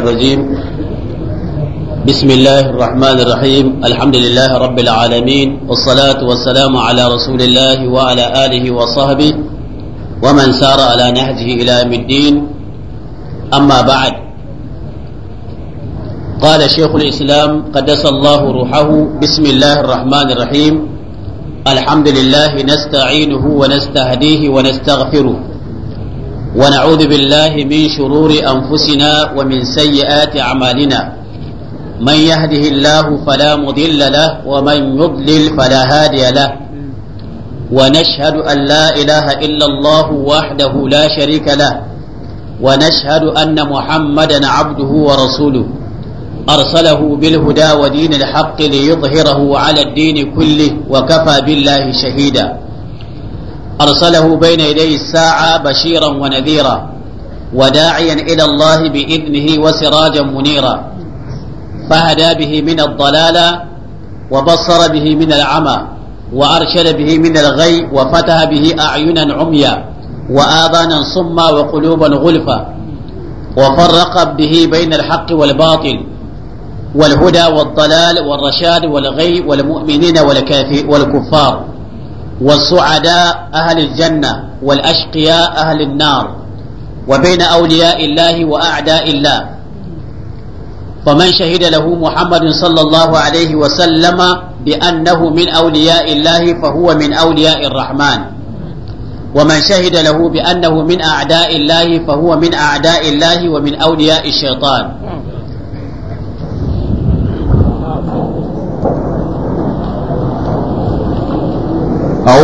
الرجيم بسم الله الرحمن الرحيم الحمد لله رب العالمين والصلاة والسلام على رسول الله وعلى آله وصحبه ومن سار على نهجه إلى يوم الدين أما بعد قال شيخ الإسلام قدس الله روحه بسم الله الرحمن الرحيم الحمد لله نستعينه ونستهديه ونستغفره ونعوذ بالله من شرور أنفسنا ومن سيئات أعمالنا من يهده الله فلا مضل له ومن يضلل فلا هادي له ونشهد أن لا إله إلا الله وحده لا شريك له ونشهد أن محمدا عبده ورسوله أرسله بالهدى ودين الحق ليظهره على الدين كله وكفى بالله شهيدا أرسله بين يدي الساعة بشيرا ونذيرا وداعيا إلى الله بإذنه وسراجا منيرا فهدى به من الضلالة وبصر به من العمى وأرشد به من الغي وفتح به أعينا عميا وآذانا صما وقلوبا غلفا وفرق به بين الحق والباطل والهدى والضلال والرشاد والغي والمؤمنين والكافي والكفار والسعداء أهل الجنة والأشقياء أهل النار وبين أولياء الله وأعداء الله فمن شهد له محمد صلى الله عليه وسلم بأنه من أولياء الله فهو من أولياء الرحمن ومن شهد له بأنه من أعداء الله فهو من أعداء الله ومن أولياء الشيطان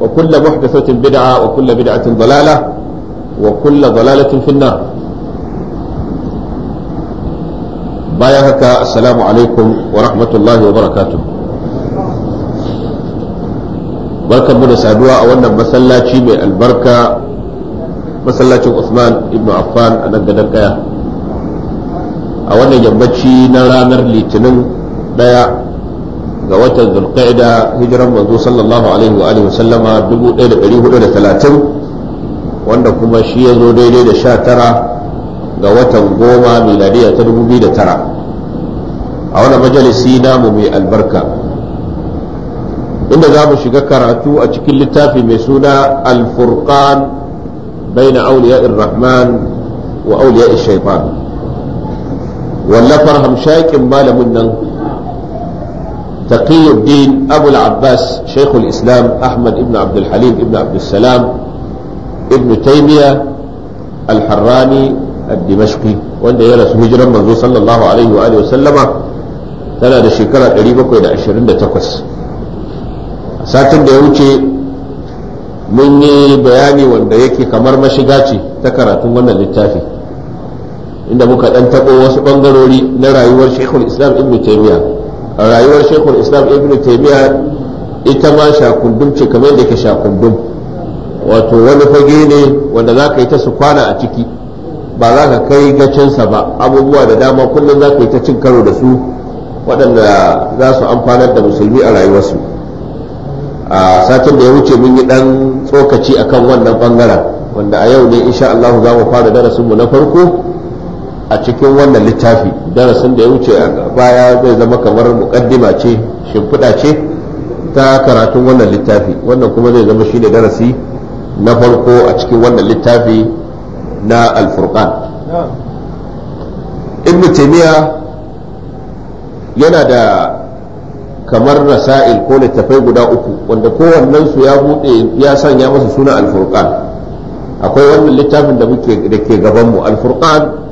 وكل محدثة بدعة وكل بدعة ضلالة وكل ضلالة في النار بايعك السلام عليكم ورحمة الله وبركاته barkan mu da saduwa a wannan masallaci mai albarka masallacin Usman ibnu Affan a nan gadar kaya a wannan yammaci na ranar litinin daya ga watan zulqa'ida hijiran manzo sallallahu alaihi wa alihi sallama 1430 wanda kuma shi ya zo daidai da 19 ga watan goma miladiya ta 2009 a wani majalisi namu mai albarka inda za mu shiga karatu a cikin littafi mai suna alfurqan baina auliya'ir rahman wa auliya'ir Shaifan, wallafar hamshakin malamin nan تقي الدين أبو العباس شيخ الإسلام أحمد ابن عبد الحليم ابن عبد السلام ابن تيمية الحراني الدمشقي وأن يرس هجرا منذ صلى الله عليه وآله وسلم tana da shekara 728 satin da ya wuce mun yi bayani wanda yake kamar mashiga ce ta karatun wannan littafi inda muka ɗan taɓo wasu ɓangarori na rayuwar shekul islam ibn rayuwar shekul islam ibn taimiyya ita ma shakundum ce kamar da ke shakundum wato wani fage ne wanda za ka yi ta su kwana a ciki ba za ka kai gacinsa ba abubuwa da dama kullum za ka yi ta cin karo da su waɗanda za su amfanar da musulmi a rayuwarsu a satin da ya wuce mun yi ɗan tsokaci akan wannan ɓangaren wanda a yau ne insha Allah za mu fara darasinmu na farko a cikin wannan littafi darasin da ya wuce a baya zai zama kamar mukaddima ce shimfiɗa ce ta karatun wannan littafi wannan kuma zai zama shine darasi na farko a cikin wannan littafi na alfurkan. ibn taymiya yana da kamar rasail ko littafai guda uku wanda kowannensu ya buɗe ya sanya masa suna alfurkan akwai wannan littafin da muke da ke gabanmu alfurkan.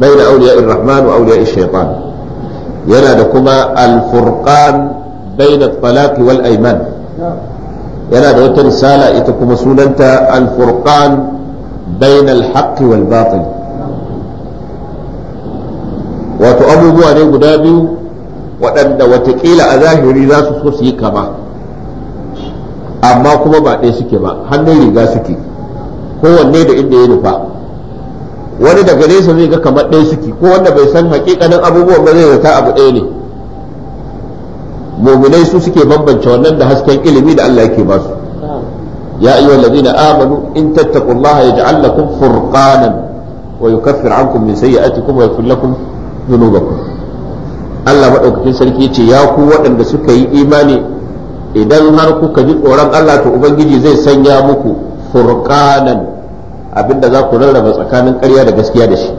bayna awliya'ir rahman wa awliya'ish shaytan yana da kuma al-furqan bayna at yana da wata risala ita kuma sunanta al-furqan bayna al-haqq wal batil wato abubuwa ne guda biyu waɗanda watakila a zahiri za su so su yi kama amma kuma ba ɗaya suke ba hannun riga suke kowanne da inda ya nufa wani daga nesa zai ga kamar ɗaya suke ko wanda bai san hakikanin abubuwan ba zai zata abu ɗaya ne muminai su suke bambance wannan da hasken ilimi da Allah yake basu ya ayyuha allazina amanu in tattaqullaha yaj'al lakum furqanan wa yukaffir ankum min sayyi'atikum wa yaghfir lakum dhunubakum Allah madaukakin sarki yace ya ku waɗanda suka yi imani idan har kuka ji tsoron Allah to ubangiji zai sanya muku furqanan abinda za ku rarraba tsakanin ƙarya da gaskiya da shi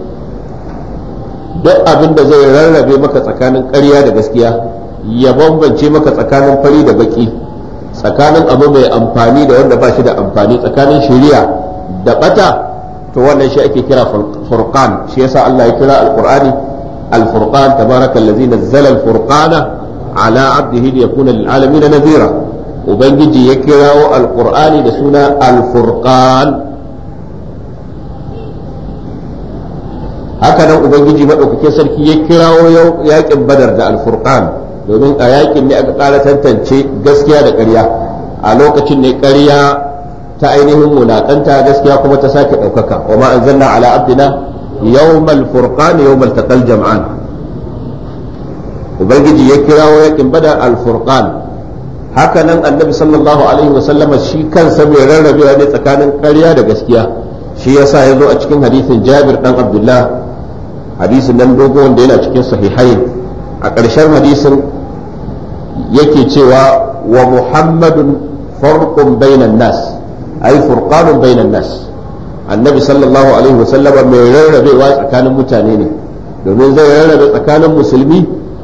duk abinda zai rarrabe maka tsakanin ƙarya da gaskiya ya bambance maka tsakanin fari da baki tsakanin abu mai amfani da wanda ba shi da amfani tsakanin shari'a da bata to wannan shi ake kira furqan shi yasa Allah ya kira alqur'ani الفرقان تبارك الذي نزل الفرقان على عبده ليكون للعالمين نذيرا وبنجي da suna لسنة الفرقان haka nan ubangiji madaukakin sarki ya kirawo yakin badar da alfurqan domin a yaƙin ne aka ƙara tantance gaskiya da ƙarya a lokacin ne ƙarya ta ainihin munakanta gaskiya kuma ta sake ɗaukaka wa ma zanna ala abdina yawmal furqan yawmal taqal jam'an ubangiji ya kirawo yakin badar alfurqan haka nan annabi sallallahu alaihi wasallama shi kansa mai rarrabewa ne tsakanin ƙarya da gaskiya shi yasa ya zo a cikin hadisin jabir dan abdullah hadisin nan dogo wanda yana cikin sahihain a ƙarshen hadisin yake cewa wa muhammadun farqun bainan nas ay furqanun bainan nas annabi sallallahu alaihi sallama mai rarrabewa tsakanin mutane ne domin zai rarrabe tsakanin musulmi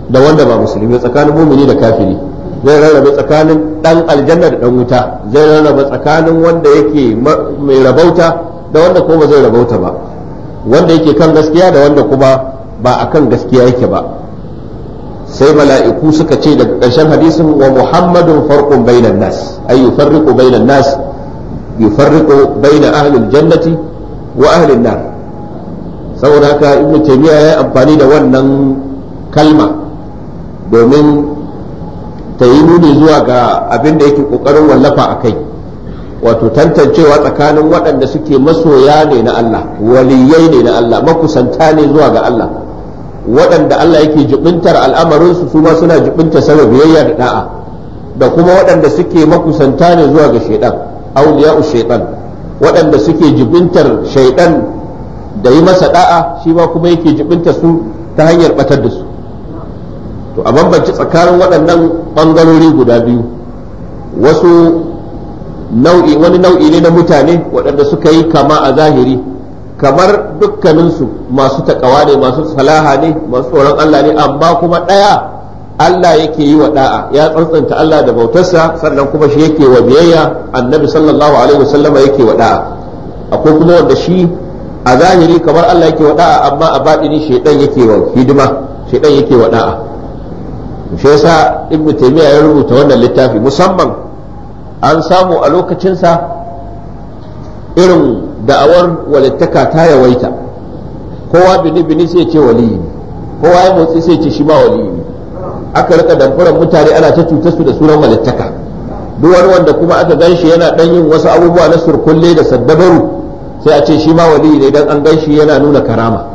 da wanda ba musulmi tsakanin mumini da kafiri zai rarrabe tsakanin dan aljanna da dan wuta zai rarrabe tsakanin wanda yake mai rabauta da wanda kuma zai rabauta ba wanda yake kan gaskiya da wanda kuma ba a kan gaskiya yake ba sai mala'iku suka ce daga ƙarshen hadisin wa muhammadun farkon bainan nas ay yufarriqu bainan nas yufarriqu baina ahli jannati wa ahli an-nar saboda haka ibnu taymiya ya amfani da wannan kalma domin ta yi nuni zuwa ga abin da yake kokarin wallafa a kai wato tantancewa tsakanin waɗanda suke masoya ne na Allah waliyai ne na Allah makusanta ne zuwa ga Allah waɗanda Allah yake jibintar al'amarinsu su ma suna jibinta sama biyayya da da'a da kuma waɗanda suke makusanta ne zuwa ga shaidan auliya'u shaidan waɗanda suke jibintar shaidan da yi masa da'a shi ma kuma yake jibinta su ta hanyar batar da su to a bambanci tsakanin waɗannan ɓangarori guda biyu wasu nau'i wani nau'i ne na mutane waɗanda suka yi kama a zahiri kamar dukkaninsu masu takawa ne masu salaha ne masu tsoron Allah ne amma kuma ɗaya Allah yake yi wa da'a ya tsantsanta Allah da bautarsa sannan kuma shi yake wa biyayya annabi sallallahu alaihi wasallama yake wa da'a akwai kuma wanda shi a zahiri kamar Allah yake wa da'a amma a baɗini shaidan yake wa hidima shaidan yake wa da'a shi yasa ibnu taymiya ya rubuta wannan littafi musamman an samu a lokacinsa irin da'awar walittaka ta yawaita kowa bini bini sai ce waliyi kowa ya motsi sai ce shi ma waliyi aka rika damfarar mutane ana ta cuta su da sunan walittaka duk wani wanda kuma aka gan shi yana dan yin wasu abubuwa na surkulle da saddabaru sai a ce shi ma waliyi ne dan an gan shi yana nuna karama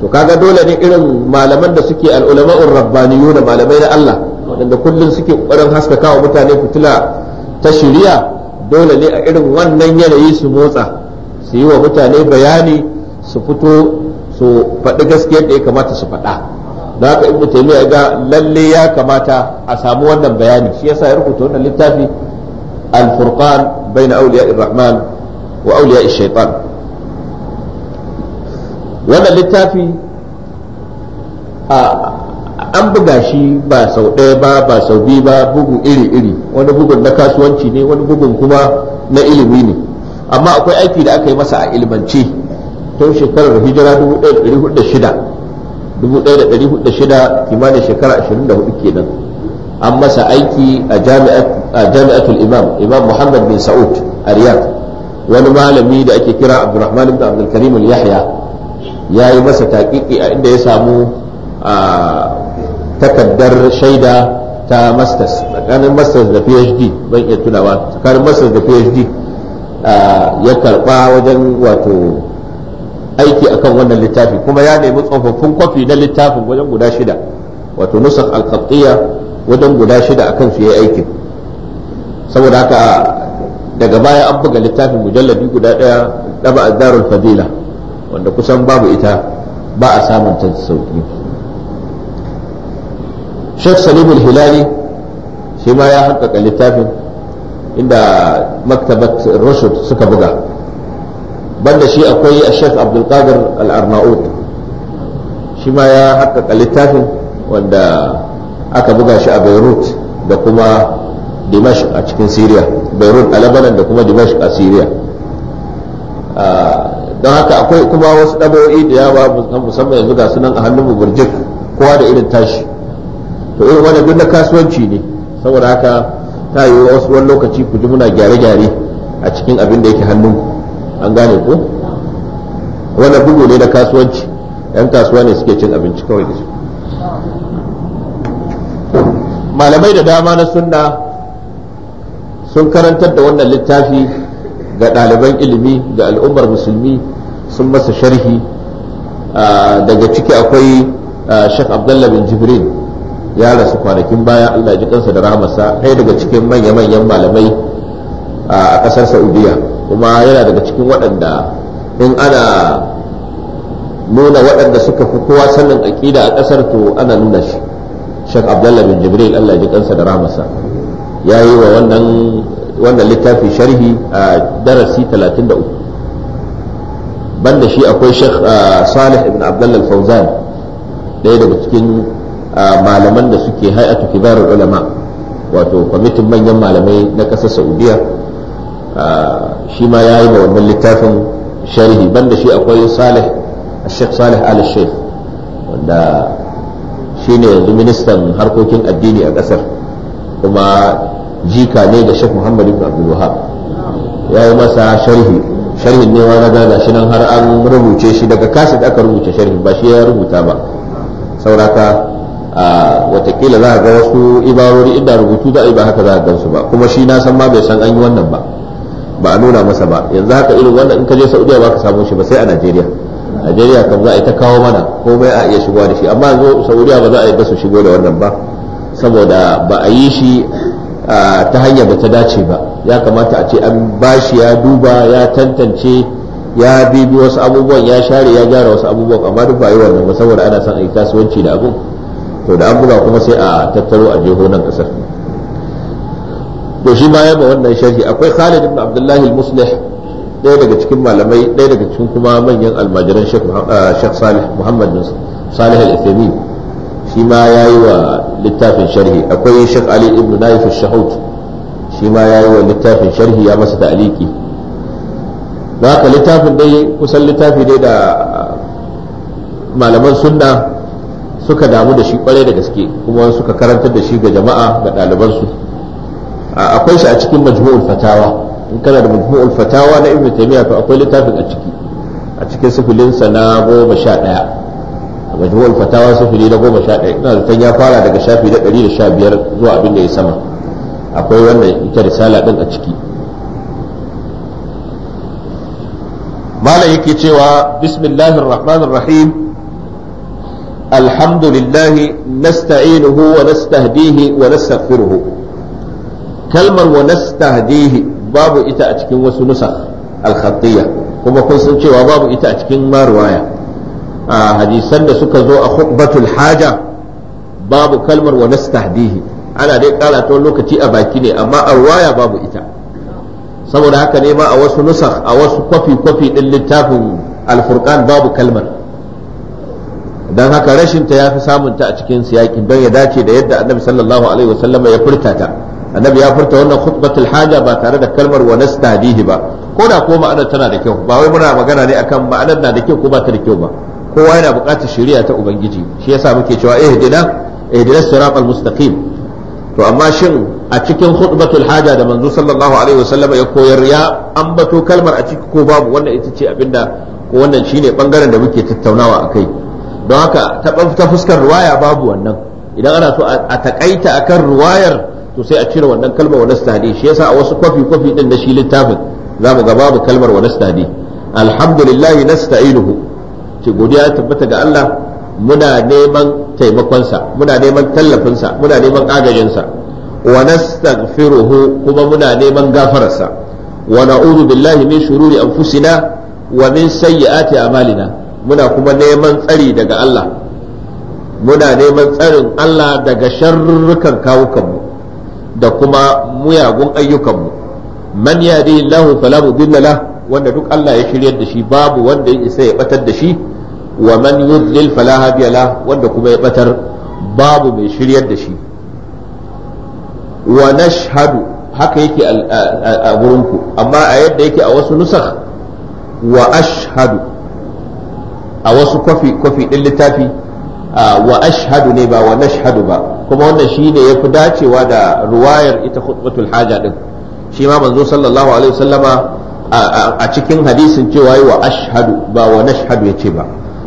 to kaga dole ne irin malaman da suke al'ulama'ur rabbaniyuna malamai na Allah wanda kullum suke kokarin haskaka wa mutane fitila ta shirya dole ne a irin wannan yanayi su motsa su yi wa mutane bayani su fito su faɗi gaskiyar da ya kamata su faɗa da haka ibnu taymiya ga lalle ya kamata a samu wannan bayani shi yasa ya rubuta wannan littafi al-furqan bayna awliya ar-rahman wa awliya ash-shaytan wannan littafi a an buga shi ba sau ɗaya ba ba sau biyu ba bugu iri-iri wani bugun na kasuwanci ne wani bugun kuma na ilimi ne amma akwai aiki da aka yi masa a ilimance tun shekarar hijira 1406 kimanin shekara 24 kenan an masa aiki a jami'atul imam imam muhammad bin sa'ud a wani malami da ake kira abdulrahman rahman abdulkarim yahya ya yi masa taƙiƙi a inda ya samu takaddar shaida ta masters tsakanin masters da phd ban iya tunawa tsakanin masters da phd ya karba wajen wato aiki akan wannan littafi kuma ya nemi tsofaffin kwafi na littafin wajen guda shida wato nusan alkaftiya wajen guda shida akan su yi aikin saboda haka daga baya an buga littafin mujalladi guda daya daba darul fadila wanda kusan babu ita ba a samun ta sauki Sheikh Salim al-Hilali shi ma ya haƙaƙa littafin inda maktabat Rashid suka buga banda shi akwai a Sheikh Abdul Qadir al-Arnaud shi ma ya haƙaƙa littafin wanda aka buga shi a Beirut da kuma Dimash a cikin Syria Beirut a Lebanon da kuma Dimash a Syria ah, don haka akwai kuma wasu ɗabo'i da yawa musamman yanzu ga sunan a hannun burjik kowa da irin tashi to irin wannan duk na kasuwanci ne saboda haka ta yi wasu wani lokaci ku ji muna gyare-gyare a cikin abin da yake hannun an gane ko wannan bugu ne na kasuwanci yan kasuwa ne suke cin abinci kawai da su malamai da dama na sunna sun karantar da wannan littafi ga ɗaliban ilimi ga al'ummar musulmi sun masa sharhi ah, daga ciki akwai ah, shek abdullah bin jibril ya rasu kwanakin baya Allah ji kansa da rahamarsa ɗaya daga cikin manya-manyan malamai a ƙasar saudiya kuma yana daga cikin waɗanda in ana nuna waɗanda suka fi kowa sannin aƙida a ƙasar to ana nuna shi shek abdullah bin jibril Allah ji kansa da rahamarsa ya yi wa wannan wannan littafi sharhi a darasi 33 banda shi akwai shek salih ibn abdullah al ɗaya daga cikin malaman da suke hay'atu kibarul ulama wato kwamitin manyan malamai na ƙasar saudiya shi ma ya yi da wannan littafin sharhi banda shi akwai salih shek salih al sheikh wanda shi ne yanzu ministan harkokin addini a ƙasar kuma jika ne da sheikh muhammad ibn abdul wahab ya yi masa sharhi sharhin ne wani gada shi nan har an rubuce shi daga da aka rubuce sharhi ba shi ya rubuta ba sauraka a watakila za a ga wasu ibarori inda rubutu za a yi ba haka za a gansu ba kuma shi na san ma bai san an yi wannan ba ba a nuna masa ba yanzu haka irin wannan in ka je saudiya ba ka samu shi ba sai a najeriya najeriya kam za a yi ta kawo mana komai a iya shigowa da shi amma yanzu saudiya ba za a yi su shigo da wannan ba saboda ba a yi shi ta hanyar da ta dace ba ya kamata a ce an bashi ya duba ya tantance ya bibi wasu abubuwan ya share ya gyara wasu abubuwan amma duk ba yi wannan ba saboda ana son a yi kasuwanci da abun to da an buga kuma sai a tattaro a jeho nan kasar to shi baya ba wannan sharhi akwai Khalid ibn Abdullah al-Muslih ɗaya daga cikin malamai ɗaya daga cikin kuma manyan almajiran Sheikh ah, Salih Muhammad bin Salih al-Uthaymeen shi ma yayi wa littafin sharhi akwai Sheikh Ali ibn Naif al-Shahut shi ma yayi wa littafin sharhi ya masa ta'liqi haka littafin dai kusan littafi dai da malaman sunna suka damu da shi kwarai da gaske kuma suka karantar da shi ga jama'a ga ɗalibansu akwai shi a cikin majmu'ul fatawa in kana da majmu'ul fatawa na ibnu taymiya to akwai littafin a ciki a cikin sifilin sa na goma sha majmu'ul fatawa sifili na goma sha ɗaya ina ya fara daga shafi na ɗari da sha zuwa abin da ya sama akwai wannan ita risala din a ciki malam yake cewa bismillahir rahmanir rahim الحمد لله نستعينه ونستهديه ونستغفره كلمة ونستهديه باب إتا أتكين وسنسخ الخطية كما كنت سنشي باب إتا أتكين ما رواية آه حديثا سكزو أخطبة الحاجة باب كلمة ونستهديه أنا دي قال أتون لوكتي أباكيني أما الرواية باب إتا saboda haka ne ma a wasu nusakh a wasu kwafi-kwafi ɗin littafin alfurkan babu kalmar dan haka rashin ta yafi samun ta a cikin siyaki don ya dace da yadda annabi sallallahu alaihi wasallam ya furta ta annabi ya furta wannan khutbatul haja ba tare da kalmar wa nastadihi ba ko da ko ma'anar tana da kyau ba wai muna magana ne akan ma'anar na da kyau ko ba ta da kyau ba kowa yana buƙatar shari'a ta ubangiji shi yasa muke cewa ihdina ihdinas siratal mustaqim to amma shin a cikin khutbatul haja da manzo sallallahu alaihi wasallam ya koyar ya ambato kalmar a ciki ko babu wannan ita ce abinda ko wannan shine bangaren da muke tattaunawa akai don haka ta fuskar ruwaya babu wannan idan ana so a takaita akan ruwayar to sai a cire wannan kalmar wani stadi shi yasa a wasu kwafi kwafi din na shi littafin za mu ga babu kalmar wani stadi alhamdulillah nasta'inuhu ce godiya tabbata ga Allah muna neman taimakonsa muna neman tallafinsa muna neman agajinsa wa nastaghfiruhu kuma muna neman gafararsa wa na'udhu billahi min shururi anfusina wa min sayyiati a'malina muna kuma neman tsari daga Allah muna neman tsarin Allah daga sharrukan kawukanmu da kuma muyagun ayyukanmu man yadi lahu fala mudilla lah wanda duk Allah ya shiryar da shi babu wanda ya isa ya batar da shi wa man yudlil fala hadiya la, wanda kuma ya batar babu mai shiryar da shi wa nashhadu haka yake a gurinku amma a yadda yake a wasu nusakh wa ashhadu a wasu kwafi kwafi din littafi wa ashhadu ne ba wa nashhadu ba kuma wannan shine ya fi dacewa da ruwayar ita khutbatul haja din shi ma manzo sallallahu alaihi wasallama a cikin hadisin cewa wa ashhadu ba wa nashhadu yace ba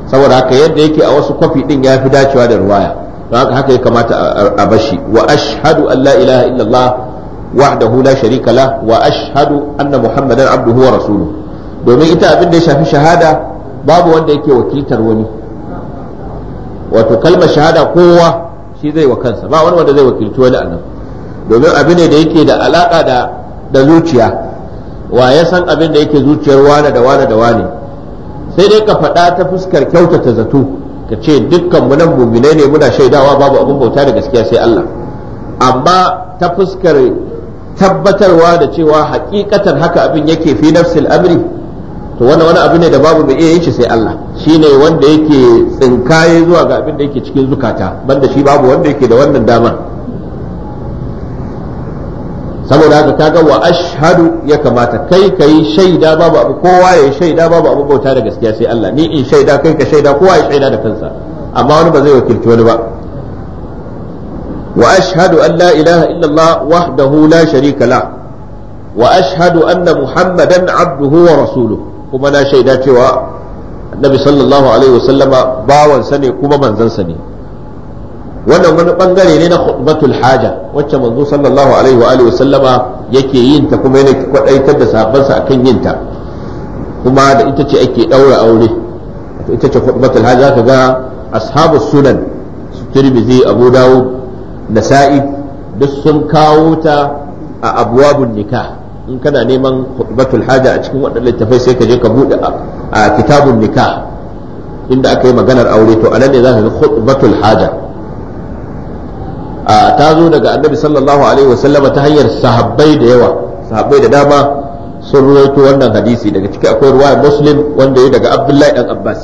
saboda haka yadda yake a wasu kwafi din fi dacewa da ruwaya haka ya kamata a bashi wa ashhadu an la ilaha illallah wahdahu la sharika lah wa ashhadu anna muhammadan abduhu wa rasuluhu domin ita abin da ya shafi shahada babu wanda yake wakiltar wani wato kalmar shahada kowa shi zai wa kansa ba wani wanda zai wakilci wani annabi domin abin ne da yake da alaka da da zuciya wa ya san abin da yake zuciyar wane da wane da wane sai dai ka faɗa ta fuskar kyautata zato ka ce dukkan mu nan muminai ne muna shaidawa babu abin bauta da gaskiya sai Allah amma ta fuskar tabbatarwa da cewa hakikatan haka abin yake fi nafsil amri to wannan wani abu ne da babu mai iya yin shi sai Allah shine wanda yake tsinkaye zuwa ga abin da yake cikin zukata banda shi babu wanda yake da wannan damar saboda haka ga wa ashhadu ya kamata kai kai shaida babu abu kowa ya shaida babu abu bauta da gaskiya sai Allah ni in shaida kai ka shaida kowa ya shaida da kansa amma wani ba zai wakilci wani ba وأشهد أن ilaha إله إلا الله وحده لا شريك له وأشهد أن محمدا kuma na shaida cewa annabi sallallahu alaihi wasallama bawansa ne kuma manzansa ne wannan wani bangare ne na khutbatul haja wacce manzo sallallahu alaihi wa wasallama yake yin ta kuma yana kwadaitar da sahabbansa akan yin ta kuma da ita ce ake daura aure ita ce khutbatul haja ka ga ashabu sunan tirmidhi abu dawud nasa'i duk sun kawo ta a abwabun nikah in kana neman khutbatul haja a cikin waɗannan littafai sai ka je ka buɗe a kitabun nikah inda aka yi maganar aure to anan ne za ka ga khutbatul haja a ta zo daga annabi sallallahu alaihi wasallama ta hanyar sahabbai da yawa sahabbai da dama sun ruwaito wannan hadisi daga ciki akwai ruwayar muslim wanda ya daga abdullahi dan abbas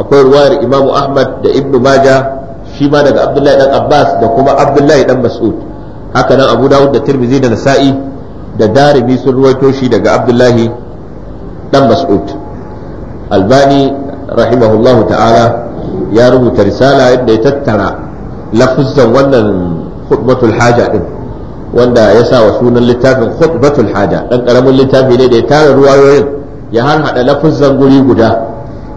akwai ruwayar imamu ahmad da ibnu maja shi ma daga abdullahi dan abbas da kuma abdullahi dan mas'ud haka nan abu dawud da tirmidhi da nasa'i da daribi sun ruwaito shi daga abdullahi dan mas'ud albani rahimahullahu ta'ala ya rubuta risala yadda ya tattara lafuzan wannan khutbatul haja din wanda ya sa wa sunan littafin khutbatul haja dan karamin littafi ne da ya tara ruwayoyin ya harhaɗa lafuzan guri guda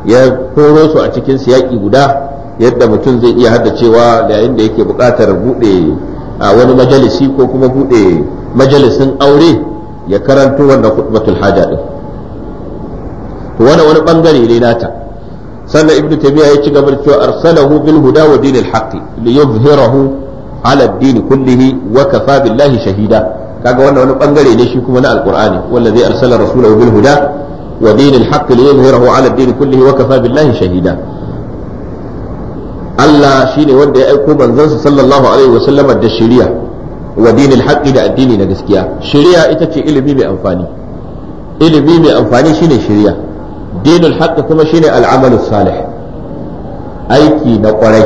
ya koro su a cikin siyaki guda yadda mutum zai iya haddacewa da yayin da yake buƙatar buɗe a wani majalisi ko kuma buɗe. majalisin aure ya karanto wannan khutbatul haja din to wannan wani bangare ne nata sannan ibn taymiya ya ci gaba da cewa arsalahu bil huda wa dinil haqq li yuzhirahu ala ad-din kullihi wa kafa billahi shahida kaga wannan wani bangare ne shi kuma na alqur'ani wallazi arsala rasulahu bil huda wa dinil haqq li yuzhirahu ala ad-din kullihi wa kafa billahi shahida Allah shine wanda ya aiko manzansa sallallahu alaihi wa sallama da shari'a wa dinil haqqi da addini na gaskiya shari'a ita ce ilimi mai amfani ilimi mai amfani shine shari'a dinul haqqi kuma shine al'amalus salih aiki na kwarai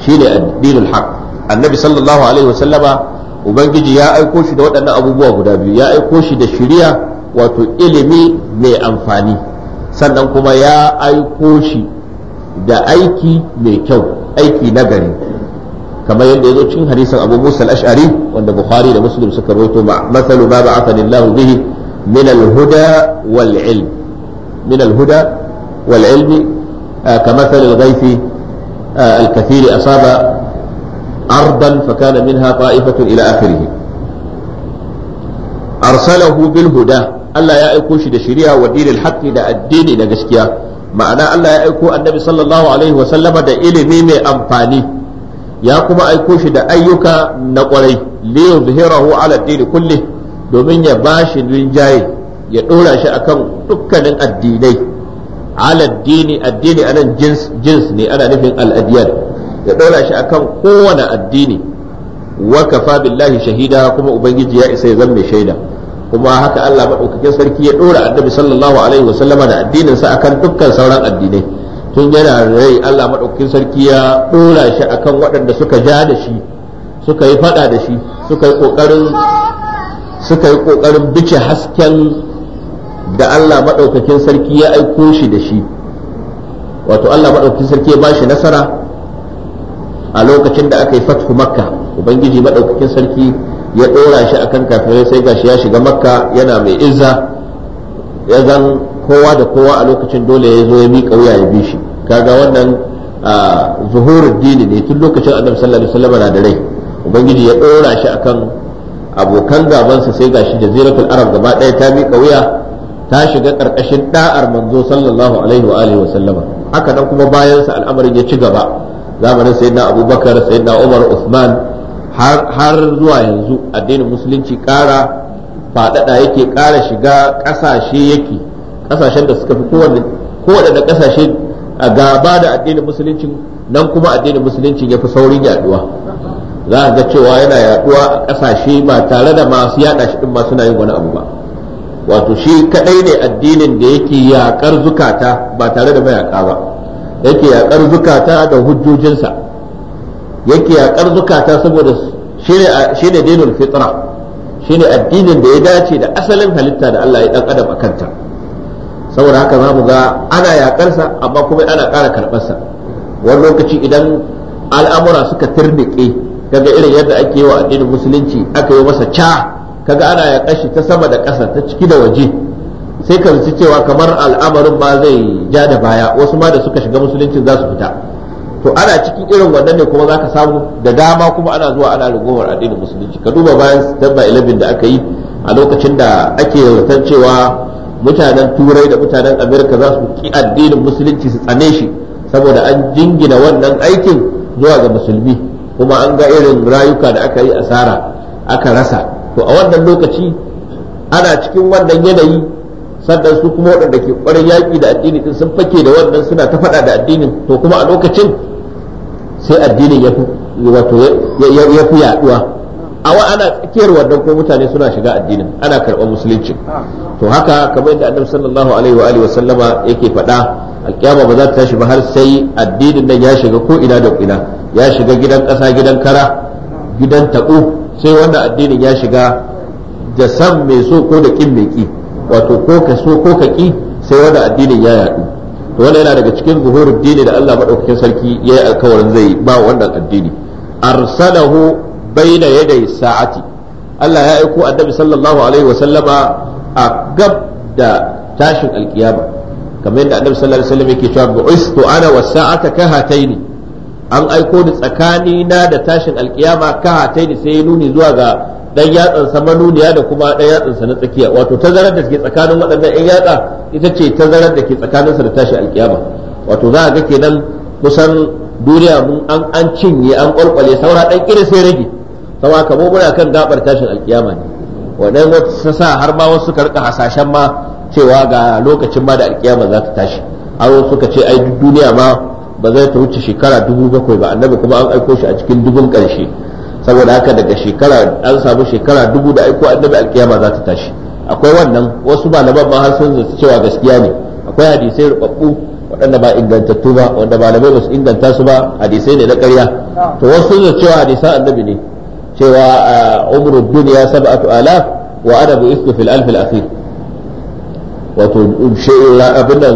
shine addinul haqq annabi sallallahu ubangiji ya aiko shi da waɗannan abubuwa guda biyu ya aiko shi da shirya wato ilimi mai amfani sannan kuma ya aiko shi da aiki mai kyau aiki nagari kamar yadda ya zo cikin hadisin abu musa al-ash'ari wanda bukhari da muslim suka rawaito ma masalu ma ba'athani allah bihi min al-huda wal ilm min al-huda wal ilmi ah, ah, asaba ardan fa kana minha ta'ifatun ila akhirih arsalahu bil huda Allah ya aiko shi da shari'a wa dinil da addini na gaskiya ma'ana Allah ya aiko annabi sallallahu alaihi wa sallama da ilimi mai amfani ya kuma aiko shi da ayyuka na kwarai li yuzhirahu ala dini kulli domin ya bashi rinjaye ya dora shi akan dukkanin addinai ala dini addini anan jins jins ne ana nufin al adiyan ya dora shi akan kowane addini wa kafa billahi shahida kuma ubangiji ya isa ya mai shaida kuma haka Allah madaukakin sarki ya dora annabi sallallahu alaihi wasallama da addinin sa akan dukkan sauran addinai tun yana rai Allah maɗaukakin sarki ya ɗora shi akan waɗanda suka ja da shi suka yi faɗa da shi suka yi ƙoƙarin bice hasken da Allah maɗaukakin sarki ya aiko shi da shi wato Allah maɗaukakin sarki ya ba shi nasara a lokacin da aka yi fathu makka ubangiji maɗaukakin sarki ya ɗora shi akan kafirai sai gashi ya shiga makka yana mai izza ya zan kowa da kowa a lokacin dole ya zo ya miƙa wuya ya bi shi kaga wannan zuhurin dini ne tun lokacin annabi sallallahu alaihi wasallam na da rai ubangiji ya ɗora shi akan abokan gabansa sai gashi jaziratul arab gaba ɗaya ta miƙa wuya ta shiga ƙarƙashin da'ar manzo sallallahu alaihi wa alihi haka nan kuma bayan sa al'amarin ya ci gaba zamanin sayyidina abubakar sayyidina umar usman har zuwa yanzu addinin musulunci ƙara faɗaɗa yake ƙara shiga ƙasashe yake kasashen da suka fi kowanne kowanne kasashe a gaba da addinin musulunci nan kuma addinin musulunci ya fi saurin yaduwa za a ga cewa yana yaduwa a kasashe ba tare da masu yada shi din ba suna yin wani abu ba wato shi kadai ne addinin da yake yakar zukata ba tare da mayaka ba yake yakar zukata da hujjojinsa yake yakar zukata saboda shi ne dinul fitra shi ne addinin da ya dace da asalin halitta da Allah ya dan adam a kanta saboda haka za mu ga ana yakarsa amma kuma ana ƙara karɓarsa wani lokaci idan al'amura suka turnike kaga irin yadda ake yi wa addinin musulunci aka yi masa ca kaga ana yakar shi ta sama da ƙasa ta ciki da waje sai ka zaci cewa kamar al'amarin ba zai ja da baya wasu ma da suka shiga musulunci za su fita to ana cikin irin wannan ne kuma zaka samu da dama kuma ana zuwa ana rigowar addinin musulunci ka duba bayan September 11 da aka yi a lokacin da ake zaton cewa mutanen turai da mutanen amerika za su ki addinin musulunci su tsane shi saboda an jingina wannan aikin zuwa ga musulmi kuma an ga irin rayuka da aka yi asara aka rasa to a wannan lokaci ana cikin wannan yanayi sannan su kuma waɗanda ke ƙwarin yaƙi da addini din sun fake da wannan suna ta faɗa da addinin to kuma a lokacin sai addinin ya fi yaɗuwa A wa ana tsakiyar wannan ko mutane suna shiga addinin ana karɓar musulunci to haka kamar yadda annabi sallallahu alaihi wa alihi sallama yake faɗa alƙiyama ba za ta tashi ba har sai addinin nan ya shiga ko ina da ina ya shiga gidan ƙasa gidan kara gidan taɓo sai wannan addinin ya shiga da san mai so ko da kin mai ki wato ko ka so ko ka ki sai wannan addinin ya yaɗu to wannan yana daga cikin zuhurud dini da Allah madaukakin sarki ya yi alkawarin zai ba wannan addini arsalahu baina yaday sa'ati Allah ya aiko annabi sallallahu alaihi wa sallama a gab da tashin alkiyama kamar yadda annabi sallallahu alaihi wa sallam yake cewa bu'istu ana was sa'ata ka hataini an aiko ni tsakani na da tashin alkiyama ka hataini sai nuni zuwa ga dan yatsan sa manuniya da kuma dan yatsan sa na tsakiya wato tazarar da ke tsakanin waɗannan ɗan yatsa ita ce tazarar da ke tsakanin sa da tashin alkiyama wato za a ga kenan kusan duniya mun an cinye an kwalkwale saura dan irin sai rage sama ka mu muna kan gabar tashin alkiyama ne wadai wata sa har ma wasu suka rika hasashen ma cewa ga lokacin ma da alkiyama za ta tashi an suka ce ai duk duniya ma ba zai ta wuce shekara dubu bakwai ba annabi kuma an aiko shi a cikin dubun karshe saboda haka daga shekara an samu shekara dubu da aiko annabi alkiyama za ta tashi akwai wannan wasu malaman ma har sun zata cewa gaskiya ne akwai hadisai rubabbu waɗanda ba ingantattu ba wanda malamai ba su inganta su ba hadisai ne na ƙarya to wasu sun zata cewa hadisan annabi ne cewa ah, umru dunya sab'atu alaf wa ana bu fil alf al akhir wato abin a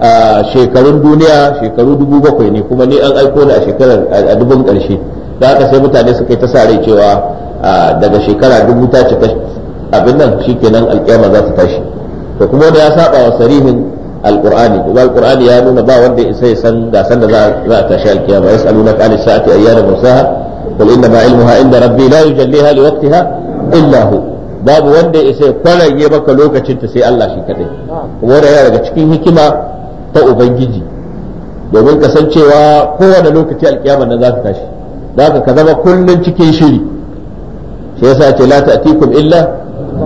ah, shekarun duniya shekaru dubu bakwai ne kuma ni an aiko ni a shekarar a dubun ƙarshe da haka sai mutane suka yi ta cewa ah, daga shekara dubu ta cika abin nan shikenan alƙiyama za ta tashi to kuma da ya saba wa sarihin alqur'ani kuma alqur'ani ya nuna ba wanda ya isa ya san gasan da za a tashi alƙiyama yasaluna qala sa'ati ayyana musaha قل إنما علمها عند ربي لا يجليها لوقتها إلا هو babu wanda ya sai kwarage maka lokacin ta sai Allah shi kadai wanda yana daga cikin hikima ta ubangiji domin kasancewa kowane lokaci alkiyama nan zaka tashi zaka ka zama kullun cikin shiri shi yasa ce la ta'tikum illa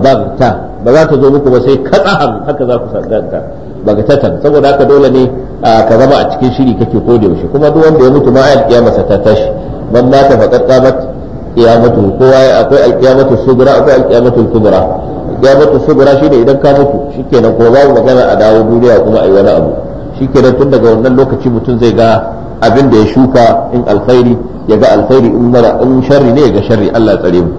bagta ba za ta zo muku ba sai katsahan haka za ku sadanta bagatatan saboda haka dole ne ka zama a cikin shiri kake ko da yaushe kuma duk wanda ya mutu ma ayat ta tashi man mata faqad qamat qiyamatu kowa akwai alqiyamatu sugra akwai alqiyamatu kubra alqiyamatu sugra shine idan ka mutu shikenan ko babu magana a dawo duniya kuma wani abu shikenan tun daga wannan lokaci mutum zai ga abin da ya shuka in alkhairi ya ga alkhairi in ne ga sharri Allah tsare mu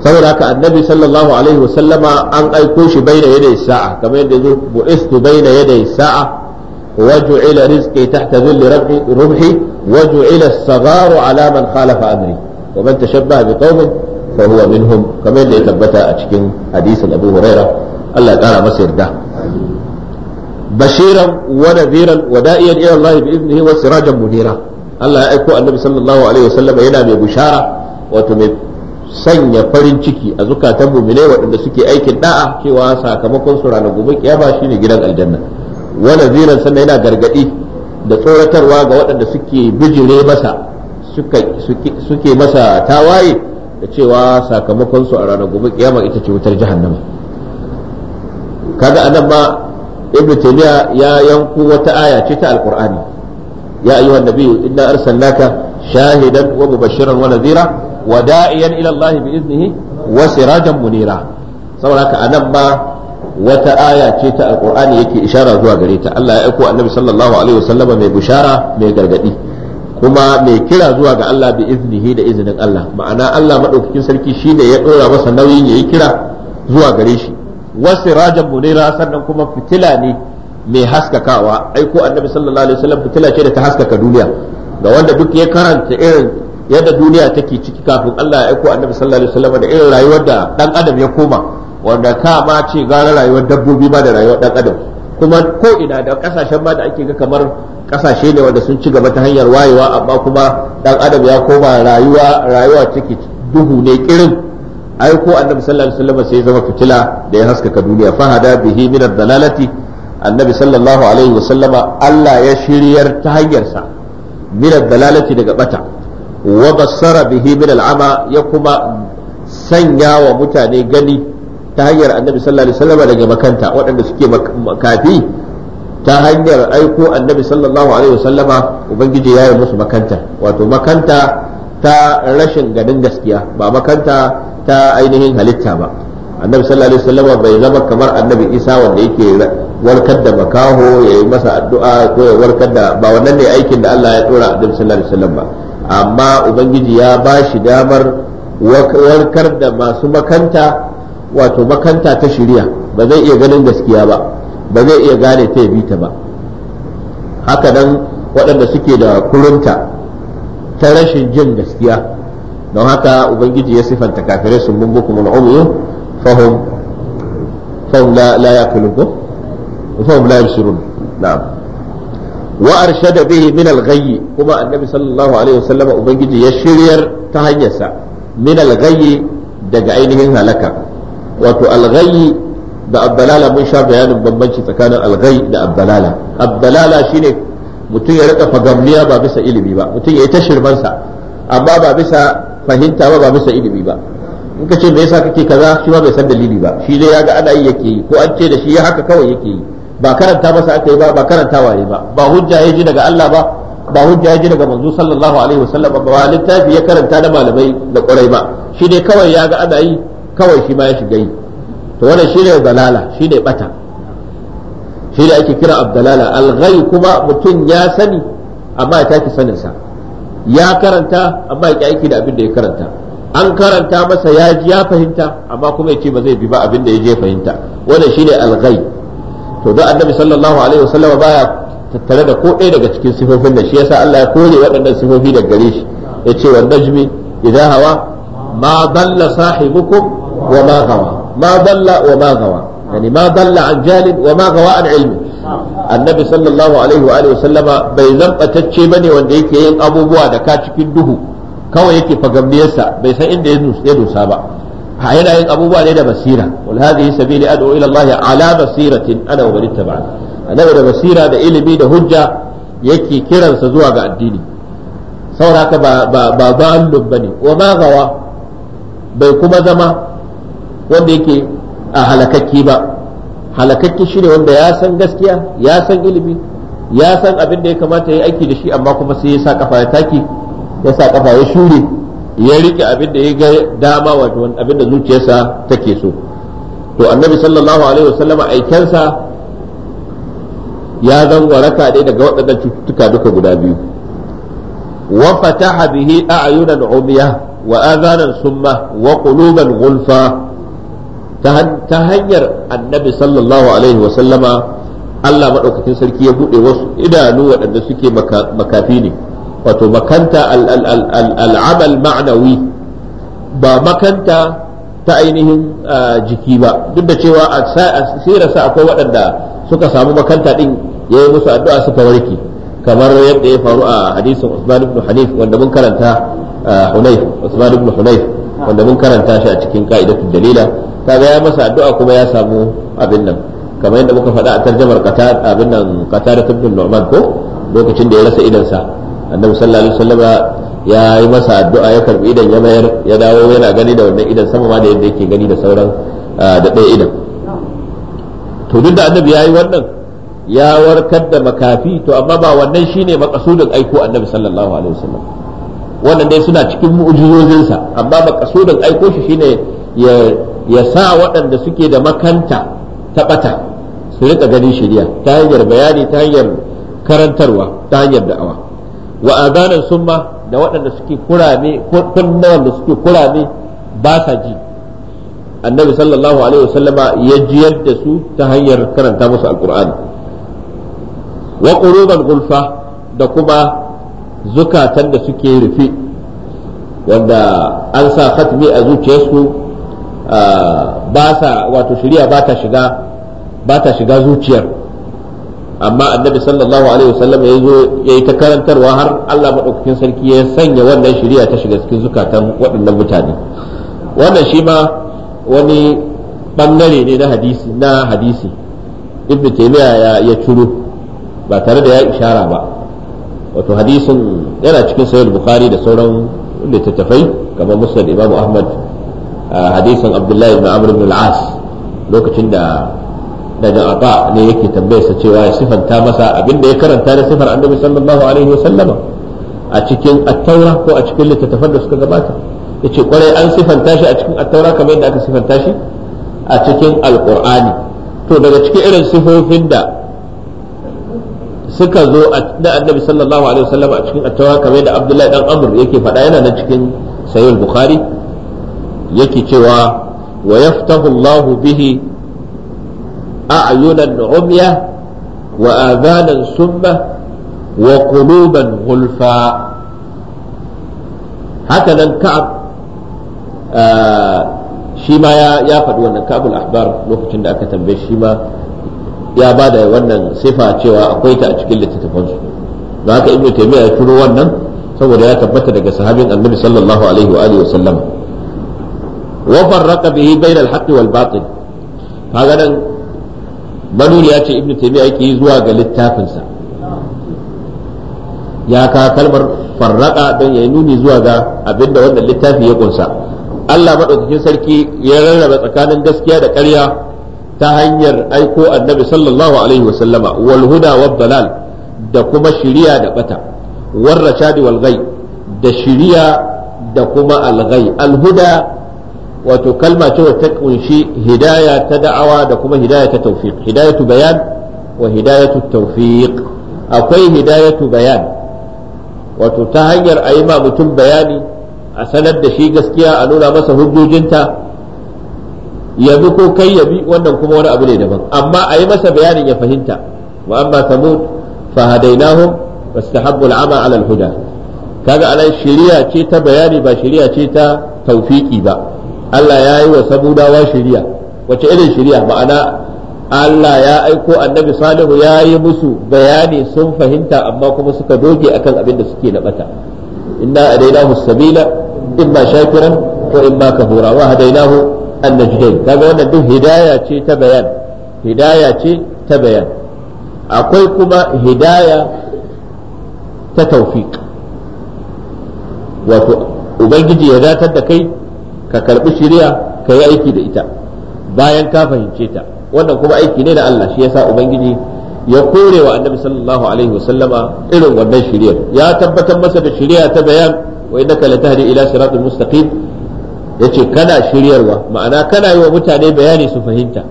saboda haka annabi sallallahu alaihi wasallama an aiko shi baina yadai sa'a kamar yadda zo bu'istu baina yadai sa'a وجعل رزقي تحت ذل رمحي وجعل الصغار على من خالف أمري ومن تشبه بقوم فهو منهم كما اللي ثبت أشكين حديث أبو هريرة الله قال مسير ده بشيرا ونذيرا ودائيا إلى الله بإذنه وسراجا منيرا Allah ya aiko annabi sallallahu alaihi wasallam yana mai bushara wato mai sanya farin ciki a zukatan mu'minai waɗanda suke aikin da'a cewa sakamakon su ranar gobe kiyama shine gidan aljanna wani ziran sannan yana gargadi da tsoratarwa ga waɗanda suke bijire masa suke masa tawaye da cewa sakamakonsu a ranar gobe kiyama ita ce wutar jahannama kaga anan ma ibnu taymiya ya yanku wata aya ce ta alqur'ani ya ayyuha annabiyyu inna arsalnaka shahidan wa mubashiran wa nadhira wa da'iyan ila allahi bi'iznihi wa sirajan munira saboda haka anan ma wata aya ce ta alqur'ani yake ishara zuwa gare ta Allah ya aiko annabi sallallahu alaihi wasallama mai bushara mai gargadi kuma mai kira zuwa ga Allah bi iznihi da izinin Allah ma'ana Allah madaukakin sarki shine ya dora masa nauyin ya yi kira zuwa gare shi wasu rajan munira sannan kuma fitila ne mai haskakawa aiko annabi sallallahu alaihi wasallam fitila ce da ta haskaka duniya ga wanda duk ya karanta irin yadda duniya take ciki kafin Allah ya aiko annabi sallallahu alaihi wasallam da irin rayuwar da dan adam ya koma wanda ka ma ce gara rayuwar dabbobi ba da rayuwar ɗan adam kuma ko ina da kasashen ma da ake ga kamar kasashe ne wanda sun ci gaba ta hanyar wayewa amma kuma ɗan adam ya koma rayuwa rayuwa ciki duhu ne kirin ai ko annabi sallallahu alaihi wasallam sai ya zama fitila da ya haskaka duniya fahada bihi min ad-dalalati annabi sallallahu alaihi wasallama Allah ya shiryar ta hanyarsa min ad-dalalati daga bata wa bassara bihi min al-ama ya kuma sanya wa mutane gani ta hanyar annabi sallallahu alaihi wasallam daga makanta waɗanda suke makafi ta hanyar aiko annabi sallallahu alaihi wasallama ubangiji ya yi musu makanta wato makanta ta rashin ganin gaskiya ba makanta ta ainihin halitta ba annabi sallallahu alaihi wasallama bai zama kamar annabi isa wanda yake warkar da makaho ya yi masa addu'a ko ya warkar da ba wannan ne aikin da Allah ya tsora annabi sallallahu alaihi wasallam ba amma ubangiji ya ba shi damar warkar da masu makanta wato makanta ta shirya ba zai iya ganin gaskiya ba ba zai iya gane ta bi ta ba haka nan waɗanda suke da kurunta ta rashin jin gaskiya don haka ubangiji ya sifanta kafirai sun bumbu kuma al'umiyun fahim fahim la fahim la yabsirun na'am wa arshada bihi min al-ghayyi kuma annabi sallallahu alaihi wasallam ubangiji ya shiryar ta hanyarsa min al-ghayyi daga ainihin halaka wato alghayi da abdalala mun sha bayanin bambanci tsakanin alghayi da abdalala abdalala shine mutum ya rika fagamniya ba bisa ilimi ba mutum ya yi ta shirmansa amma ba bisa fahimta ba ba bisa ilimi ba in ka ce me yasa kake kaza shi ma bai san dalili ba shi dai yaga ana yi yake yi ko an ce da shi ya haka kawai yake yi ba karanta masa aka yi ba ba karanta ne ba ba hujja ya ji daga Allah ba ba hujja ya ji daga manzo sallallahu alaihi wasallam ba littafi ya karanta da malamai da ƙurai ba shi dai kawai yaga ana yi kawai shi ma ya shiga yi to wannan ne dalala shine bata shi da ake kira abdalala alghai kuma mutum ya sani amma ya taki saninsa ya karanta amma ya aiki da abin da ya karanta an karanta masa ya ji ya fahimta amma kuma ya ce ba zai bi ba abin da ya je fahimta wannan ne alghai to da annabi sallallahu alaihi wasallam baya tattare da ko ɗaya daga cikin sifofin da shi yasa Allah ya kore waɗannan sifofi daga gare shi Ya ce wa najmi idza hawa ma dalla sahibukum وما غوى ما ضل وما غوى يعني ما ضل عن جهل وما غوى عن علم النبي صلى الله عليه وآله وسلم بيزم أتتشي مني وان يكين أبو بوا kawai yake fagambiyarsa bai san inda ya dosa ba a yana yin abubuwa ne da basira wal hadhihi sabili ad'u ila Allah ala basiratin ana wa bani annabi da basira da ilimi da hujja yake kiransa zuwa ga addini sauraka ba ba ba bane wa ma bai kuma zama wanda yake a halakakki ba halakakki ne wanda ya san gaskiya ya san ilimi ya san abin da ya kamata ya aiki da shi amma kuma sai ya sa kafa ya taki ya sa kafa ya shure ya rike abin da ya ga dama wato abin da zuciyarsa take so to annabi sallallahu alaihi wasallama aikensa ya zan waraka dai daga waɗannan cututtuka duka guda biyu wa fataha bihi a'yunan umiya wa azaran summa wa quluban gulfa. ta hanyar annabi sallallahu alaihi wasallama Allah maɗaukakin sarki ya buɗe wasu idanu waɗanda suke makafi ne wato makanta al'amal ma'nawi ba makanta ta ainihin jiki ba duk da cewa a sirarsa akwai waɗanda suka samu makanta ɗin ya yi musu addu'a suka warke kamar yadda ya faru a hadisin Usman ibn Hanif wanda mun karanta Hunayf Usman ibn Hunayf wanda mun karanta shi a cikin ka'idatul dalila kaga ya masa addu'a kuma ya samu abin nan kamar yadda muka faɗa a tarjamar abin nan da ibn nu'man ko lokacin da ya rasa idansa annabi sallallahu alaihi wasallama ya yi masa addu'a ya karbi idan ya mayar ya dawo yana gani da wannan idan sama ma da yadda yake gani da sauran ah, da ɗaya idan to duk da annabi ya yi wannan ya warkar da makafi to amma ba wannan shine makasudin aiko annabi sallallahu alaihi wasallam wannan dai suna cikin mu'jizozinsa amma makasudin aiko shi shine ya ya sa waɗanda suke da makanta ta ɓata su rika ganin shirya ta hanyar bayani ta hanyar karantarwa ta hanyar da'awa wa adanan summa da waɗanda suke kurame kunnan da suke kurame ba sa ji annabi sallallahu alaihi wasallama ya jiyar da su ta hanyar karanta musu alqur'ani wa quluban gulfa da kuma zukatan da suke rufe wanda an sa khatmi a zuciyarsu ba sa wato shari'a ba ta shiga ba shiga zuciyar amma annabi sallallahu alaihi wasallam ya zo ya yi ta karantarwa har Allah madaukakin sarki ya sanya wannan shari'a ta shiga cikin zukatan waɗannan mutane wannan shi ma wani bangare ne na hadisi na hadisi ibnu taymiya ya turo ba tare da ya ishara ba wato hadisin yana cikin sahih bukhari da sauran littattafai kamar musnad Imam ahmad hadisin abdullahi ibn amr ibn al-as lokacin da daga aba ne yake tambayarsa cewa ya sifanta masa abinda ya karanta da sifar annabi sallallahu alaihi wasallama a cikin attaura ko a cikin littattafan da suka gabata yace kwarai an sifanta shi a cikin attaura kamar yadda aka sifanta shi a cikin alqur'ani to daga cikin irin sifofin da suka zo da annabi sallallahu alaihi wasallama a cikin attaura kamar yadda abdullahi dan amr yake faɗa yana nan cikin sahih bukhari yake cewa wa yaftahu Allah bihi a'yunan umya wa adhanan summa wa quluban hulfa haka nan ka'ab shi ma ya faɗi wannan kabul ahbar lokacin da aka tambaye shi ma ya ba da wannan sifa cewa akwai ta a cikin littattafansu da haka ibnu taymiya ya turo wannan saboda ya tabbata daga sahabin annabi sallallahu alaihi wa alihi wa sallam wa farraqa bihi bainal haqqi wal batil kaga nan ya ce ibnu taymiya yake yi zuwa ga littafin sa ya ka kalmar farraƙa don ya nuni zuwa ga abinda wannan littafin ya kunsa Allah madaukakin sarki ya rarraba tsakanin gaskiya da ƙarya ta hanyar aiko annabi sallallahu alaihi wa da kuma shiriya da bata war rashadi wal da shiriya da kuma al ghay al wato kalma ce wacce kunshi hidaya ta da'awa da kuma hidaya ta tawfiq hidayatu bayan wa hidayatu tawfiq akwai hidayatu bayan wato ta hanyar a yi ma mutum bayani a sanar da shi gaskiya a nuna masa hujjojinta yabi ko kai yabi wannan kuma wani abu ne daban amma a yi masa bayanin ya fahimta wa amma samud fa hadainahum fastahabbu al'ama ala al-huda kaga alai shari'a ce ta bayani ba shari'a ce ta taufiƙi ba Allah ya yi wa sabudawa shari'a wace irin shari'a ma'ana Allah ya aiko annabi salihu ya yi musu bayani sun fahimta amma kuma suka doge akan abin da suke na bata inna adainahu sabila ba shakiran ko ba kafura wa hadainahu annajdain kaga wannan duk hidaya ce ta bayan hidaya ce ta bayan akwai kuma hidaya ta tawfiq wato ubangiji ya datar da kai ka karbi shiriya ka yi aiki da ita bayan ka fahimce ta wannan kuma aiki ne da Allah shi yasa ubangiji ya kore wa annabi sallallahu alaihi wasallama irin wannan shiriyar ya tabbatar masa da shiriya ta bayan wa innaka latahdi ila siratul mustaqim yace kana shiryarwa ma'ana kana yi wa mutane bayani su fahimta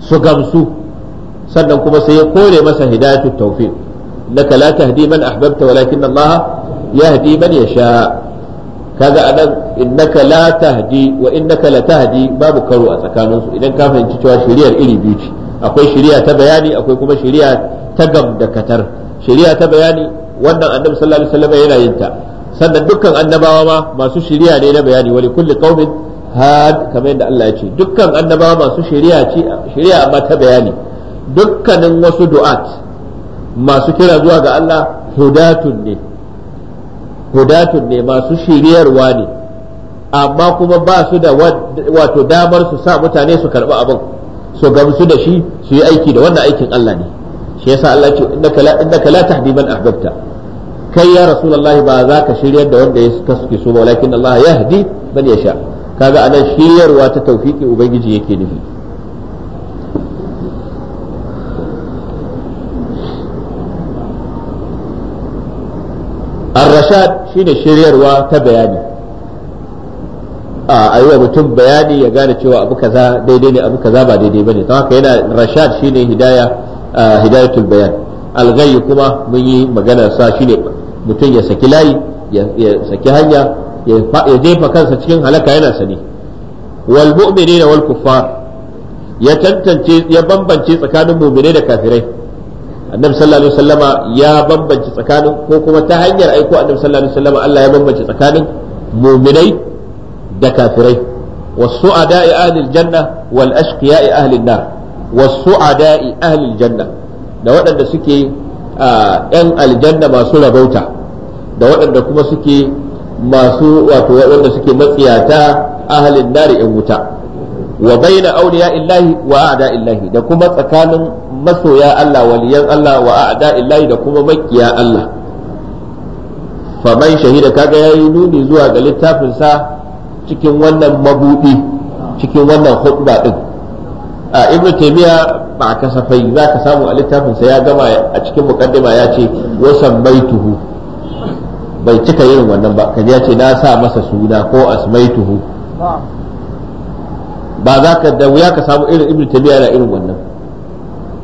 su gamsu sannan kuma sai ya kore masa hidayatut tawfiq innaka la tahdi man ahbabta walakin Allah yahdi man yasha kaga anan innaka la tahdi wa innaka la tahdi babu karo a tsakaninsu idan ka fahimci cewa shari'ar iri biyu ce akwai shari'a ta bayani akwai kuma shari'a ta gamdakatar shari'a ta bayani wannan annabi sallallahu alaihi wasallam yana yin ta sannan dukkan annabawa ma masu shari'a ne na bayani wali kulli qaumin had kamar yadda Allah ya ce dukkan annabawa masu shari'a ce shari'a amma ta bayani dukkanin wasu du'at masu kira zuwa ga Allah hudatun ne hudatun ne masu shiryarwa ne amma kuma ba su da wato damar su sa mutane su karɓi abin su gamsu da shi su yi aiki da wannan aikin Allah ne shi yasa Allah ce innaka la tahdi man ahbabta kai ya rasulullah ba za ka shiryar da wanda ya suke so ba walakin Allah yahdi man yasha kaga anan shiryarwa ta tawfiki ubangiji yake nufi ar-rashad shine shiryarwa ta bayani a ayyuka mutum bayani ya gane cewa abu kaza ba daidai ba ne. haka yana rashad shine hidaya hidayatul bayan al-ghayy kuma mun yi magana sa shine mutum ya saki layi ya saki hanya ya jefa kansa cikin halaka yana sani wal mu'minina wal ya bambance tsakanin muminai da kafirai annabi sallallahu alaihi wasallama ya bambance tsakanin ko kuma ta hanyar aiko annabi sallallahu alaihi wasallama Allah ya bambance tsakanin mu'minai da kafirai wasu'ada'i ahlil janna wal ashqiya'i ahlin nar wasu wasu'ada'i ahlil janna da waɗanda suke yan aljanna masu rabauta da waɗanda kuma suke masu wato waɗanda suke matsiyata ahlin nar yan wuta wa baina awliya illahi wa a'da illahi da kuma tsakanin masoya Allah waliyan Allah wa a'da illahi da kuma makiya Allah faman shahida kaga yayi nuni zuwa ga littafin sa cikin wannan mabudi cikin wannan hudba din a ibnu taymiya ba kasafai ka samu a littafin sa ya gama a cikin muqaddima ya ce wa sammaituhu bai cika yin wannan ba kaji ya ce na sa masa suna ko asmaituhu ba za ka da wuya ka samu irin ibnu taymiya na irin wannan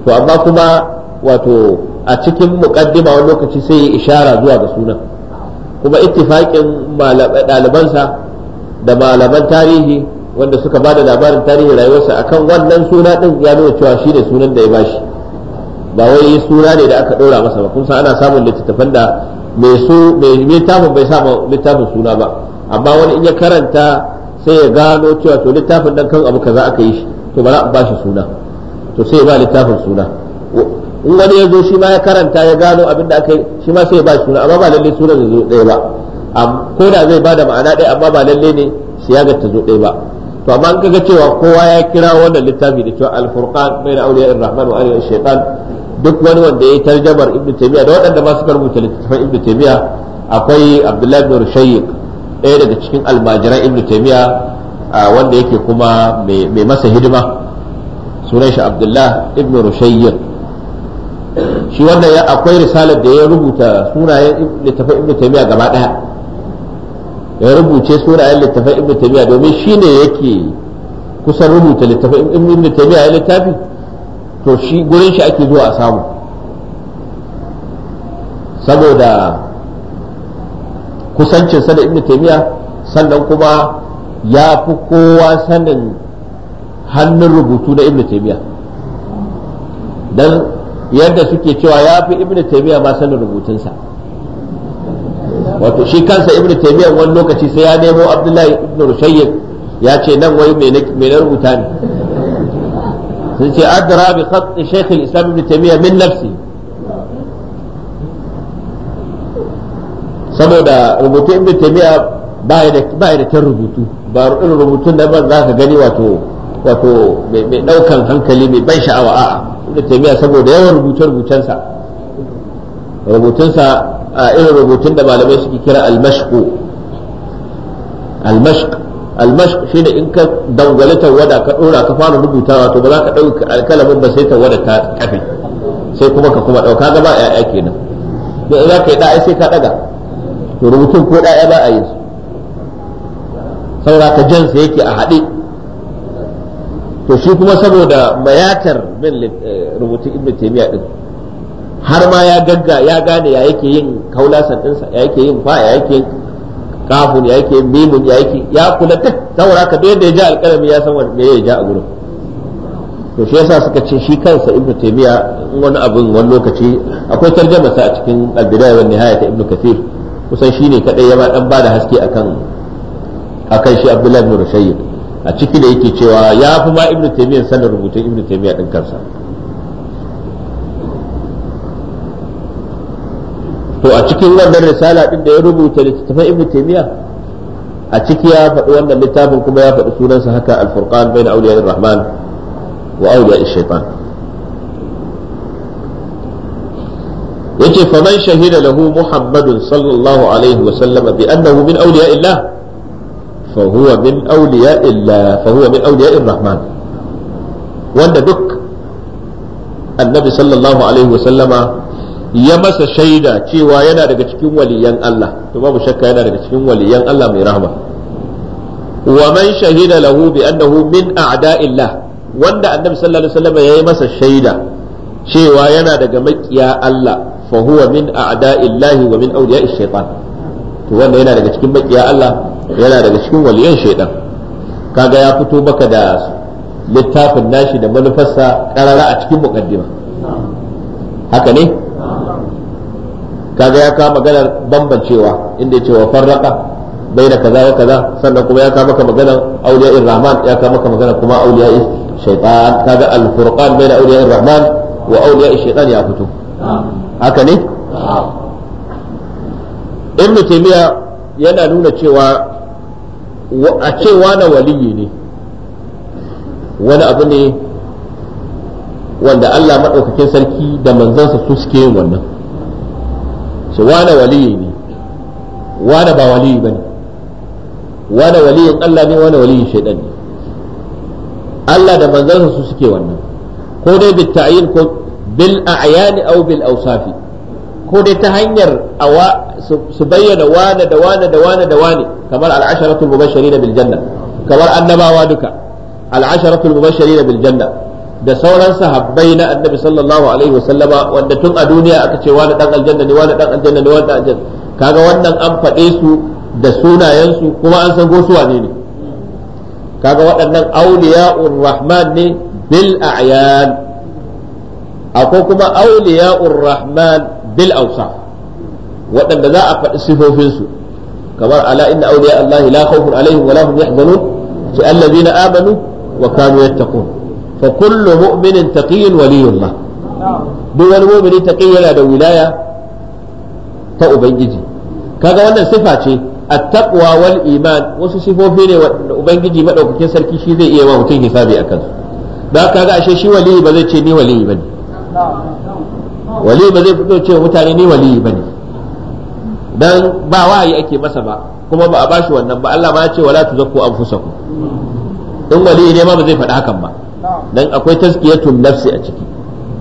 to amma kuma wato a cikin muqaddima wani lokaci sai ya ishara zuwa ga sunan kuma ittifaƙin ɗalibansa da malaman tarihi wanda suka bada labarin tarihin rayuwarsa akan wannan suna ɗin ya nuna cewa shi ne sunan da ya shi ba wai suna ne da aka ɗora masa ba Kuma ana samun littattafan da mai su mai littafin bai samu littafin suna ba amma wani in ya karanta sai ya gano cewa to littafin nan kan abu kaza aka yi shi to ba za a shi suna to sai ba littafin suna in wani ya zo shi ma ya karanta ya gano abin da aka yi shi ma sai ba suna amma ba lalle suna da zo ɗaya ba ko da zai ba da ma'ana ɗaya amma ba lalle ne siyagar ta zo ɗaya ba to amma in kaga cewa kowa ya kira wannan littafi da cewa al-furqan bayna awliya'ir rahman wa awliya'ir shaytan duk wani wanda ya tarjamar ibnu taymiya da waɗanda masu suka rubuta littafin ibnu taymiya akwai abdullahi bin rushayk ɗaya daga cikin almajiran ibnu taymiya wanda yake kuma mai masa hidima sunan shi abdullah ibn rushayyir shi wannan ya akwai risalar da ya rubuta sunayen littafin ibn taymiya gaba daya ya rubuce sunayen littafin ibn taymiya domin shine yake kusan rubuta littafin ibn taymiya ya littafi to shi gurin shi ake zuwa a samu saboda kusancinsa da ibn taymiya sannan kuma ya fi kowa sanin hannun rubutu na ibnu taymiya dan yadda suke cewa ya fi ibnu taymiya ma sanin rubutunsa wato shi kansa ibnu taymiya wani lokaci sai ya nemo abdullahi Ibn rushayyid ya ce nan wai me na rubuta ne sun ce adra bi khat shaykh al-islam ibnu taymiya min nafsi saboda rubutun ibnu taymiya ba ya da kyan rubutu ba irin rubutun da ban za ka gani wato wato mai daukan hankali mai ban sha'awa a'a ibnu taimiya saboda yawan rubuce rubucensa rubutunsa a irin rubutun da malamai suke kira al almashk al shi ne in ka dangwale tawada ka dora ka fara rubutawa to ba za ka dauki alkalamin ba sai tawada ta kafe sai kuma ka kuma dauka gaba ya'ya kenan da za ka yi ɗaya sai ka daga rubutun ko ɗaya ba a yi saura ka jan sa yake a haɗe to shi kuma saboda bayatar bin eh, rubutun ibn taymiya din har ma ya gagga ya gane ya yake yin kaula ɗinsa ya yake yin fa ya yake yin kafun ya yake mimun ya yake ya kula ta saboda ka da ya ja alƙalami ya san wani ya ja a gurin to shi yasa suka ce shi kansa ibn taymiya wani abin wani lokaci akwai tarjama sa a cikin al wa nihaya ta ibnu kathir kusan shine kadai ya ma dan da haske akan akan shi abdullahi ibn rushayd a ciki da yake cewa ya fi ma ibnu taymiyyah sanin rubutun ibnu taymiyyah din kansa to a cikin wannan risala din da ya rubuta littattafan ibnu taymiyyah a ciki ya faɗi wannan littafin kuma ya faɗi sunansa haka al-furqan bayna awliya rahman wa awliya shaytan yace man shahida lahu muhammadun sallallahu alaihi wa sallama bi annahu min awliya illah fa huwa min awliya illa fa huwa min awliya rahman wanda duk annabi sallallahu alaihi wasallama ya masa shaida cewa yana daga cikin waliyan Allah to babu shakka yana daga cikin waliyan Allah mai rahama wa man shahida lahu bi annahu min a'da'illah wanda annabi sallallahu alaihi wasallam ya yi masa shaida cewa yana daga makiya Allah fa huwa min a'da'illahi wa min awliya'ish shaitan to wanda yana daga cikin bakiya Allah yana daga cikin waliyan shaidan kaga ya fito baka da littafin nashi da manufarsa karara a cikin muqaddima haka ne kaga ya kawo maganar bambancewa inda ya ce wa farraka bai da kaza wa kaza sannan kuma ya kawo maka maganar auliya'ir rahman ya kawo maka maganar kuma auliya'ir shaitan kaga al-furqan bai da auliya'ir rahman wa auliya'ir shaitan ya fito haka ne ibnu taymiya yana nuna cewa a cewa na waliyi ne wani abu ne wanda Allah maɗaukakin sarki da manzansa su suke yin wannan shi wane waliyi ne wane ba waliyi ba ne wane waliyin Allah ne wane waliyin shaidan ne Allah da manzansa su suke wannan ko dai bil ta'yin ko bil a'yani aw bil awsafi ko dai ta hanyar awa su bayyana wane da wane da wane da wane kamar al'asharatul mubashirin bil janna kamar annabawa duka al'asharatul mubashirin bil janna da sauran sahabbai na annabi sallallahu alaihi wasallama wanda tun a duniya aka ce wani dan aljanna ne wani dan aljanna ne wani dan aljanna kaga wannan an faɗe su da sunayen su kuma an san gosuwa ne ne kaga waɗannan auliya'ur rahman ne bil a'yan akwai kuma auliya'ur rahman bil awsaf waɗanda za a faɗi sifofinsu kamar ala inna awliya Allah la khawfun alaihim wa la hum yahzanun sai allazina amanu wa kanu yattaqun fa kullu mu'minin taqiyyin waliyullah duk wani mu'mini taqi yana da wilaya ta ubangiji kaga wannan sifa ce at-taqwa wal iman wasu sifofi ne wanda ubangiji madaukakin sarki shi zai iya wa mutum hisabi akan su da kaga ashe shi waliyi ba zai ce ni waliyi bane waliyi ba zai fito ce mutane ni waliyi bane dan ba wahayi ake masa ba kuma ba a bashi wannan ba Allah ba ya ce wala tuzakku anfusakum in wali ne ma ba zai faɗi hakan ba dan akwai tazkiyatun nafsi a ciki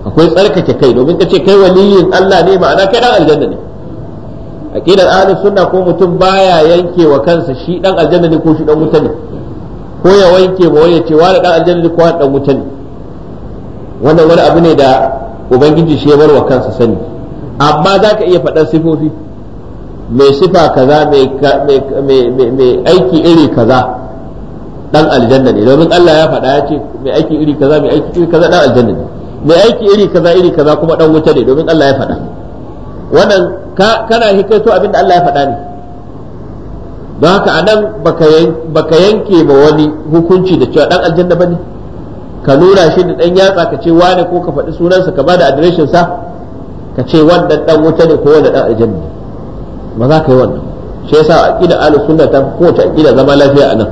akwai tsarkake kai domin ka ce kai waliyin Allah ne ma'ana kai dan aljanna ne aqidar ahli sunna ko mutum baya yanke wa kansa shi dan aljanna ne ko shi dan wuta ko ya wanke ba wai ya ce wani dan aljanna ne ko wani dan wuta wannan wani abu ne da ubangiji shi ya bar wa kansa sani amma za ka iya faɗar sifofi mai sifa kaza mai aiki iri kaza dan aljanna ne domin Allah ya faɗa ya ce mai aiki iri kaza mai aiki iri kaza dan aljanna ne mai aiki iri kaza iri kaza kuma dan wuta ne domin Allah ya faɗa wannan kana hikaito abin da Allah ya faɗa ne don haka nan baka yanke ba wani hukunci da cewa dan aljanna bane ka nuna shi da dan yatsa ka ce wane ko ka faɗi sunansa ka bada da sa ka ce wannan dan wuta ne ko wannan dan aljanna ne ba za ka yi wannan shi yasa aqida ahlus sunna ta ko kowace aqida zama lafiya a nan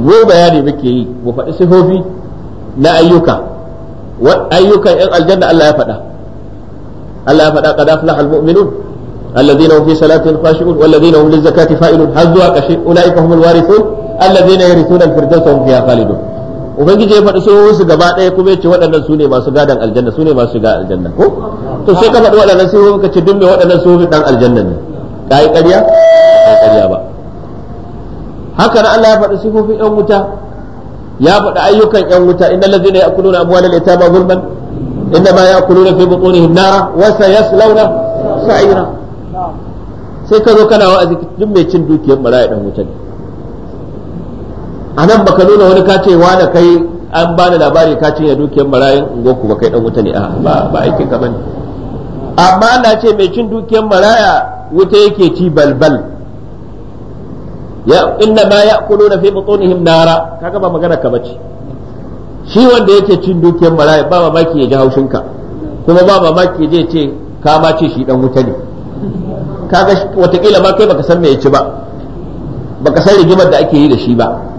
mu bayani muke yi mu faɗi sifofi na ayyuka ayyukan yan aljanna Allah ya faɗa Allah ya faɗa qad aflaha almu'minun alladhina hum fi salatihim khashi'un walladhina hum lizakati fa'ilun hazzu wa qashi ulaika humul warithun alladhina yarithuna alfirdausa hum fiha khalidun ubangiji ya faɗi su gaba ɗaya kuma yace waɗannan su ne masu gadon aljanna su ne masu shiga aljanna ko to sai ka faɗi waɗannan su ka ce duk mai waɗannan sifofin dan aljanna ne ka yi ƙarya ba ƙarya ba haka nan Allah ya faɗi sifofin ƴan wuta ya faɗi ayyukan ƴan wuta inna allazina ya'kuluna amwalal yatama zulman ma ya'kuluna fi butunihim nara wa sayaslawna sa'ira sai ka zo kana wa'azi duk mai cin dukiyar maraya dan wuta ne a nan baka nuna wani ka ce wani kai an bani labari ka ya dukiyar marayin ku ba kai dan wuta ne A ba aikin ka bane amma Allah ce mai cin dukiyar maraya wuta yake ci balbal ya inna ma ya'kuluna fi butunihim nara kaga ba magana ka bace shi wanda yake cin dukiyar maraya ba mamaki ya ji haushin ka kuma ba mamaki zai ce ka ma ce shi dan wuta ne kaga watakila ma kai baka san me ya ci ba baka san rigimar da ake yi da shi ba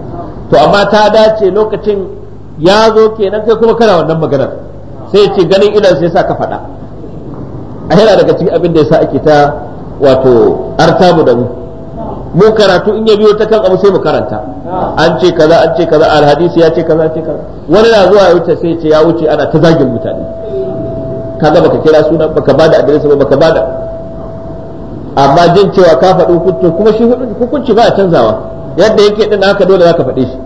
to amma ta dace lokacin ya zo kenan kai kuma kana wannan maganar sai ce ganin idan sai sa ka faɗa a yana daga cikin abin da ya sa ake ta wato artabu da mu mu karatu in ya biyo ta kan abu sai mu karanta an ce kaza an ce kaza alhadisi ya ce kaza ce kaza wani na zuwa ya wuce sai ce ya wuce ana ta zagin mutane kaga baka kira suna baka bada adresa ba baka bada amma jin cewa ka faɗi hukunci kuma shi hukunci ba canzawa yadda yake din haka dole zaka faɗe shi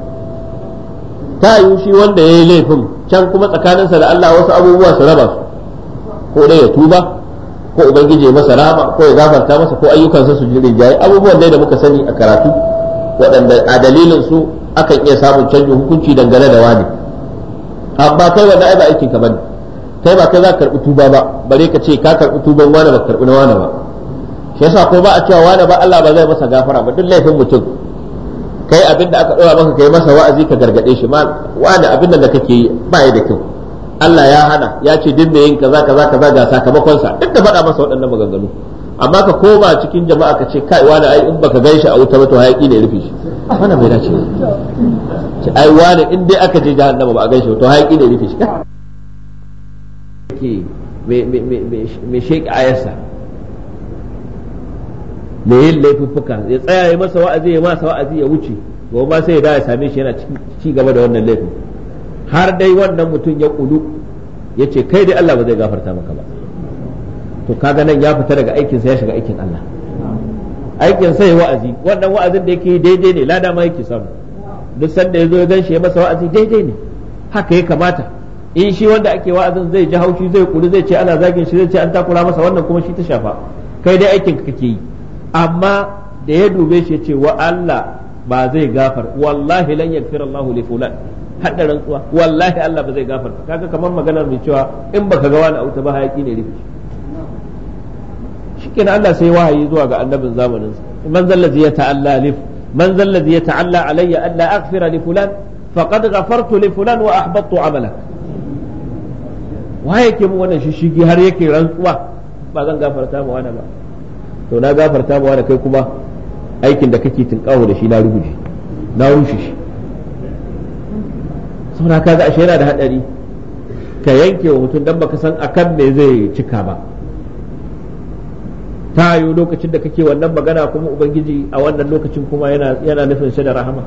ta yi shi wanda ya yi laifin can kuma tsakaninsa da Allah wasu abubuwa su raba su ko dai ya tuba ko ubangije masa rama ko ya gafarta masa ko ayyukansa su jirin jayi abubuwan dai da muka sani a karatu waɗanda a dalilin su akan iya samun canjin hukunci dangane da wani amma kai wanda ai ba aikin ka bane kai ba kai za ka karɓi tuba ba bare ka ce ka karɓi tuban wani ba karɓi na wani ba shi yasa ko ba a cewa wani ba Allah ba zai masa gafara ba duk laifin mutum kai abin da aka ɗora maka kai masa wa'azi ka gargaɗe shi ma wani abin da kake yi ba ya da kyau Allah ya hana ya ce duk mai yin kaza kaza kaza ga sakamakon sa duk da faɗa masa waɗannan maganganu amma ka koma cikin jama'a ka ce kai wani ai in baka gan shi a wuta ba to hayaki ne rufe shi wannan bai dace ce ai wani in dai aka je jahannama ba a gan shi to hayaki ne rufe shi ke me me me me sheki ayarsa da yin laifuffuka ya tsaya ya masa wa'azi ya masa wa'azi ya wuce gobe ma sai ya da ya same shi yana ci gaba da wannan laifin har dai wannan mutum ya kudu ya ce kai dai Allah ba zai gafarta maka ba to kaga nan ya fita daga aikinsa ya shiga aikin Allah aikin sa ya wa'azi wannan wa'azin da yake daidai ne lada ma yake samu duk sanda ya zo ya ganshi ya masa wa'azi daidai ne haka ya kamata in shi wanda ake wa'azin zai ji haushi zai kudu zai ce ana zagin shi zai ce an takura masa wannan kuma shi ta shafa kai dai aikin ka kake yi amma da ya dube shi ce wa Allah ba zai gafar wallahi lan yaghfir Allahu li fulan hadda rantsuwa wallahi Allah ba zai gafar kaga kamar maganar mai cewa in baka ga wani auta ba hayaki ne rufi shikenan Allah sai wahayi zuwa ga annabin zamanin sa man zallazi ya ta'alla li man zallazi ya ta'alla alayya alla aghfira li fulan faqad ghafartu li fulan wa ahbattu amalak waye ke mu wannan shishigi har yake rantsuwa ba zan gafarta ma wani ba to na gafarta ba da kai kuma aikin da kake tinkawo da shi na rubuce na rushe shi sauna za ashe yana da hadari ka yanke wa mutum dan baka san akan me zai cika ba ta yiwu lokacin da kake wannan magana kuma ubangiji a wannan lokacin kuma yana nufin shi da rahama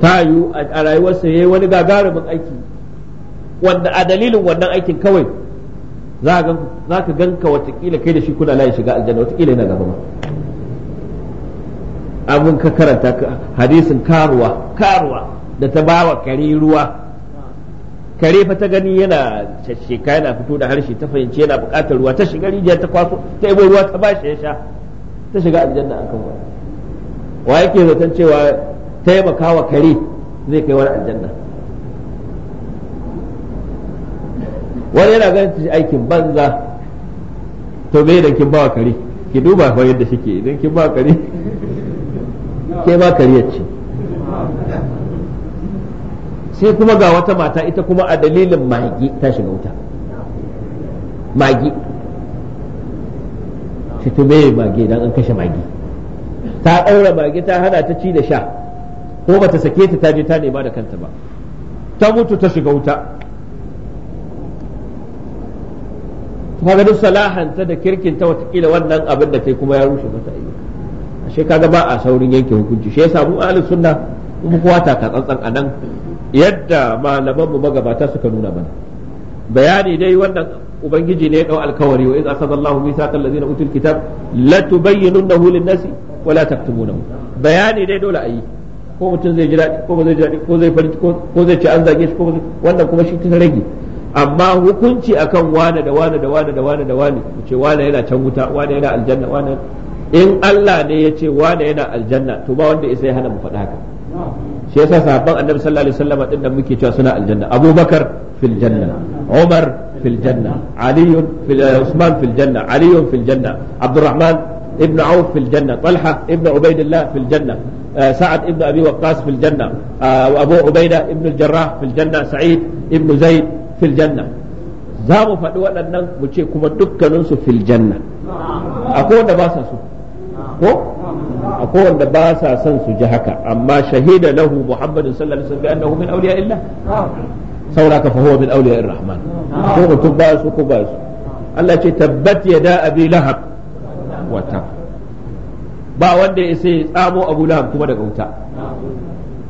ta yiwu a rayuwarsa ya yi wani gagarumin aiki wanda a dalilin wannan aikin kawai za ka gan ka watakila kai da shi kuna layin shiga aljanna watakila yana gaba abin ka karanta hadisin karuwa karuwa da ta bawa kare ruwa kare fa ta gani yana sheka yana fito da harshe ta fahimci yana buƙatar ruwa ta shiga rijiya ta kwaso ta ibo ruwa ta bashi ya sha ta shiga aljanna akan wani wa yake zaton cewa taimakawa kare zai kai wani aljanna wani yana ganin shi aikin banza to me da kin bawa kare ki duba fa yadda shike idan kin bawa kare ke ba kare ce sai kuma ga wata mata ita kuma a dalilin magi ta shiga wuta magi shi to me magi idan an kashe magi ta ɗaura magi ta hana ta ci da sha ko bata sake ta ta je ta nema da kanta ba ta mutu ta shiga wuta kuma ganin salahanta da kirkinta watakila wannan abin da ta kuma ya rushe mata ayyuka ashe kaga ba a saurin yanke hukunci shi yasa mu ahlus sunna mu kowa ta tsantsan nan yadda malaman mu magabata suka nuna mana bayani dai wannan ubangiji ne ya dau alkawari wa iz akhadallahu mithaqal ladina utul kitab la tubayyinunahu lin-nasi wa la taktumunahu bayani dai dole ayi ko mutum zai ji dadi ko ba zai ji daɗi ko zai farin ko zai ci an zage shi ko wannan kuma shi ta rage amma hukunci akan wane da wane da wane da wane da wane mu ce wane yana can wuta wane yana aljanna wane in Allah ne ya ce wane yana aljanna to ba wanda ya hana mu faɗa haka shi yasa sahabban annabi sallallahu alaihi wasallam din da muke cewa suna aljanna abubakar fil janna umar fil janna ali fil eh, usman fil janna ali fil janna abdurrahman ibn auf سعد ابن وقاص في ابن الجراح في سعيد ابن زيد fil janna za mu faɗi waɗannan mu ce kuma dukkaninsu fil janna akwai wanda ba sa so ko akwai wanda ba sa son su ji haka amma shahida lahu muhammadin sallallahu alaihi wasallam bi annahu min awliya illa saura ka fahuwa min awliya rahman ko mutum ba su ko ba su Allah ce tabbat yada abi lahab wa ta ba wanda ya sai tsamo abu lahab kuma daga wuta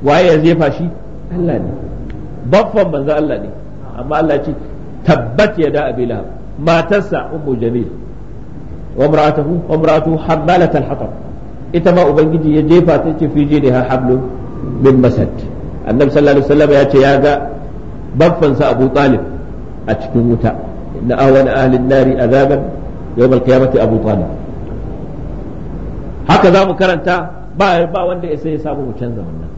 waye ya zefa shi Allah ne baffan manzo Allah ne amma Allah ce tabbat ya da abi lahab matarsa ummu jamil wa wa hamalat al-hatab ita ma ubangiji ya jefa ta ce fi jini ha min masad annabi sallallahu alaihi wasallam ya ce ya ga babbansa abu talib a cikin wuta inna ahli an-nari azaban yawm al-qiyamati abu talib haka zamu karanta ba ba wanda ya sai ya samu mu canza wannan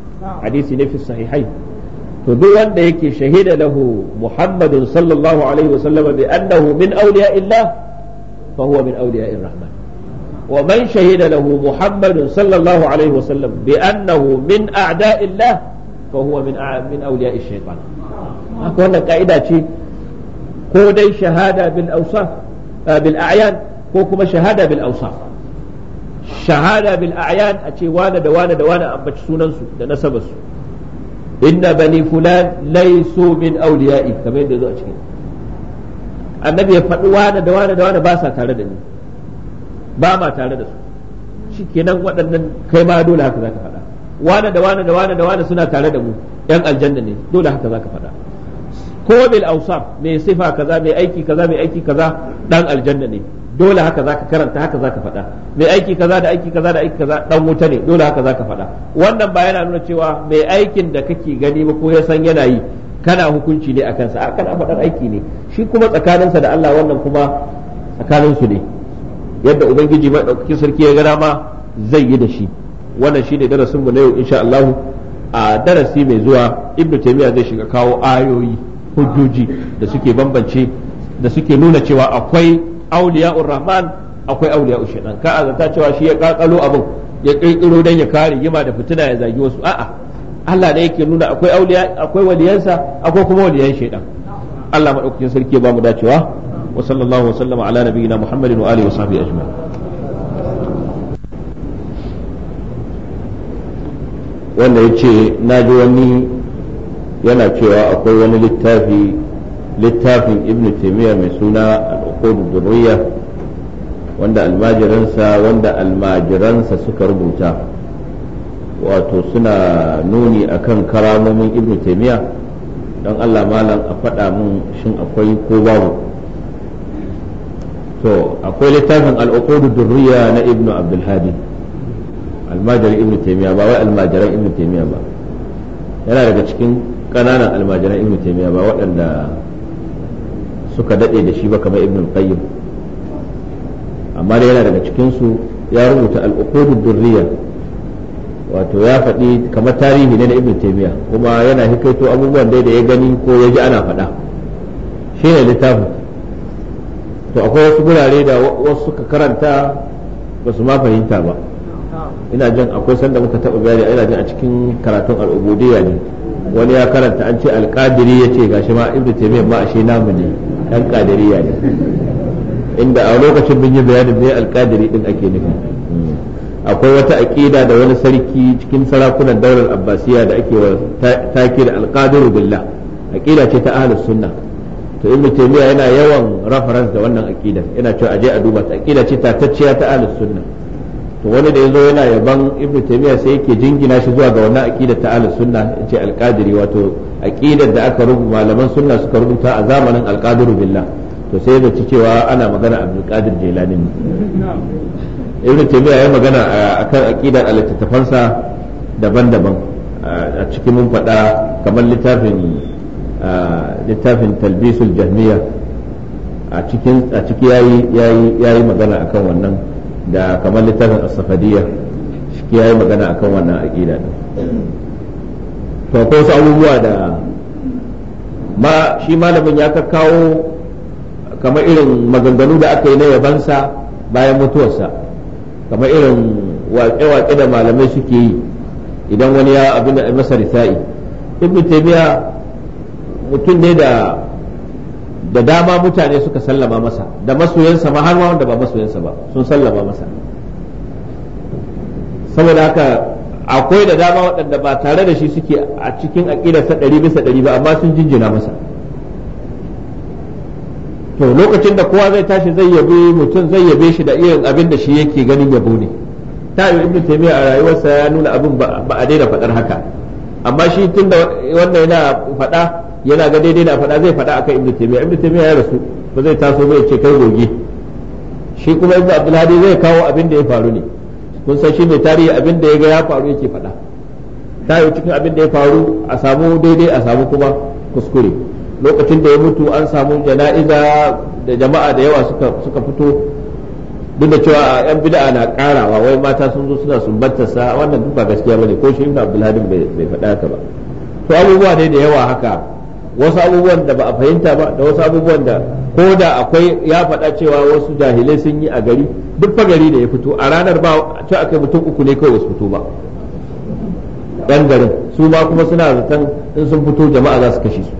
hadisi ne fi sahihai to duk wanda yake shahida lahu muhammadun sallallahu alaihi wasallam bi annahu min awliya illah fa huwa min awliya rahman wa man shahida lahu muhammadun sallallahu alaihi wasallam bi annahu min a'da illah fa huwa min min awliya ash-shaytan haka wannan kaida ce ko dai shahada bil awsaf bil a'yan ko kuma shahada bil awsaf shahada bil a'yan a ce wane da wane da wane ambaci sunansu da su. inna bani fulan laysu min awliya'i kamar yadda zo a cikin annabi ya faɗi wani da wani da wani ba sa tare da ni ba ma tare da su shikenan waɗannan kai ma dole haka zaka faɗa wani da wani da wani da wani suna tare da mu aljanna ne dole haka faɗa mai sifa kaza mai aiki kaza mai aiki kaza aljanna ne dole haka zaka karanta haka zaka faɗa mai aiki kaza da aiki kaza da aiki kaza dan wuta ne dole haka zaka faɗa wannan ba yana nuna cewa mai aikin da kake gani ba ko ya san yana yi kana hukunci ne a kansa a kana faɗar aiki ne shi kuma tsakaninsa da Allah wannan kuma tsakaninsu ne yadda ubangiji maɗaukakin sarki ya gana ma zai yi da shi wannan shine darasin mu na yau insha Allah a darasi mai zuwa ibnu taymiya zai shiga kawo ayoyi hujjoji da suke bambance da suke nuna cewa akwai auliya'ur rahman akwai auliya'ur shaitan ka azanta cewa shi ya kakalo abin ya kirkiro dan ya kare yima da fitina ya zagi wasu a'a Allah ne yake nuna akwai auliya akwai waliyansa akwai kuma waliyan shaidan. Allah madaukakin sarki ya bamu dacewa wa sallallahu wa sallama ala nabiyyina muhammadin wa alihi wa sahbihi ajma'in wanda ya ce na ji wani yana cewa akwai wani littafi littafin ibn taymiya mai suna ko da zurriya wanda almajiransa wanda almajiransa suka rubuta wato suna nuni akan karamomin ibnu taimiya don allah malam a faɗa mun shin akwai ko babu to akwai littafin al'ukudu durriya na ibnu abdulhadi almajirin ibnu taimiya ba wai almajiran ibnu taimiya ba yana daga cikin ƙananan almajiran ibnu taimiya ba waɗanda suka daɗe da shi ba kamar ibn qayyim amma da yana daga cikinsu ya rubuta al'uqudud durriya wato ya faɗi kamar tarihi ne na ibn taymiya kuma yana hikaito abubuwan da ya gani ko ya ji ana faɗa shi ne littafin to akwai wasu gurare da wasu suka karanta ba su ma fahimta ba ina jin akwai sanda muka taɓa bayani ina jin a cikin karatun al'ubudiyya ne wani ya karanta an ce alƙadiri ya ce gashi ma ibn taymiya ma ashe namu ne dan kadiriya ne inda a lokacin mun yi bayanin ne alkadiri din ake nufi akwai wata aƙida da wani sarki cikin sarakunan daular abbasiya da ake wa takir alqadiru billah aƙida ce ta ahlus sunna to ibnu taymiya yana yawan reference da wannan aqidar yana cewa aje a duba ta aqida ce ta tacciya ta ahlus sunna to wani da yazo yana yaban ibnu taymiya sai yake jingina shi zuwa ga wannan aqida ta ahlus sunna yace alqadiri wato aqidar da aka rubuta malaman sunna suka rubuta a zamanin alqadiru billah to sai da cewa ana magana abdul qadir jilani ne ibnu taymiya ya magana akan aqidar sa daban-daban a cikin mun faɗa kamar littafin littafin talbisul jahmiya a cikin a ciki yayi yayi yayi magana akan wannan da kamar littafin as-safadiyya shi yayi magana akan wannan aqida din to akwai wasu abubuwa da ma shi malamin ya ka kawo kamar irin maganganu da aka yi na yabansa bayan mutuwarsa kamar irin waƙe-waƙe da malamai suke yi idan wani ya abin da masa risa'i ibn taymiya mutum ne da da dama mutane suka sallama masa da masoyansa ma har wanda ba masoyansa ba sun sallama masa saboda haka akwai da dama waɗanda ba tare da shi suke a cikin sa ɗari bisa ɗari ba amma sun jinjina masa to lokacin da kowa zai tashi zai yabe mutum zai yabe shi da irin abin da shi yake ganin yabo ne ta yi ibnu taymiya a rayuwarsa ya nuna abin ba a daina faɗar haka amma shi tunda wannan yana faɗa yana ga daidai na faɗa zai faɗa akan ibnu taymiya ibnu taymiya ya rasu ba zai taso ba ya ce kai goge shi kuma ibnu abdulhadi zai kawo abin da ya faru ne kun san shi mai tarihi abin da ya ga ya faru yake faɗa ta yi cikin abin da ya faru a samu daidai a samu kuma kuskure lokacin da ya mutu an samu jana'iza da jama'a da yawa suka fito duk da cewa yan bid'a na karawa wai mata sun zo suna sumbantarsa wannan duk ba gaskiya bane ko shi ibn abdulhadim bai faɗa haka ba to abubuwa ne da yawa haka wasu abubuwan da ba a fahimta ba da wasu abubuwan da ko da akwai ya faɗa cewa wasu jahilai sun yi a gari duk fa gari da ya fito a ranar ba ta aka mutum uku ne kawai wasu fito ba ɗan garin su ma kuma suna zaton in sun fito jama'a za su kashe su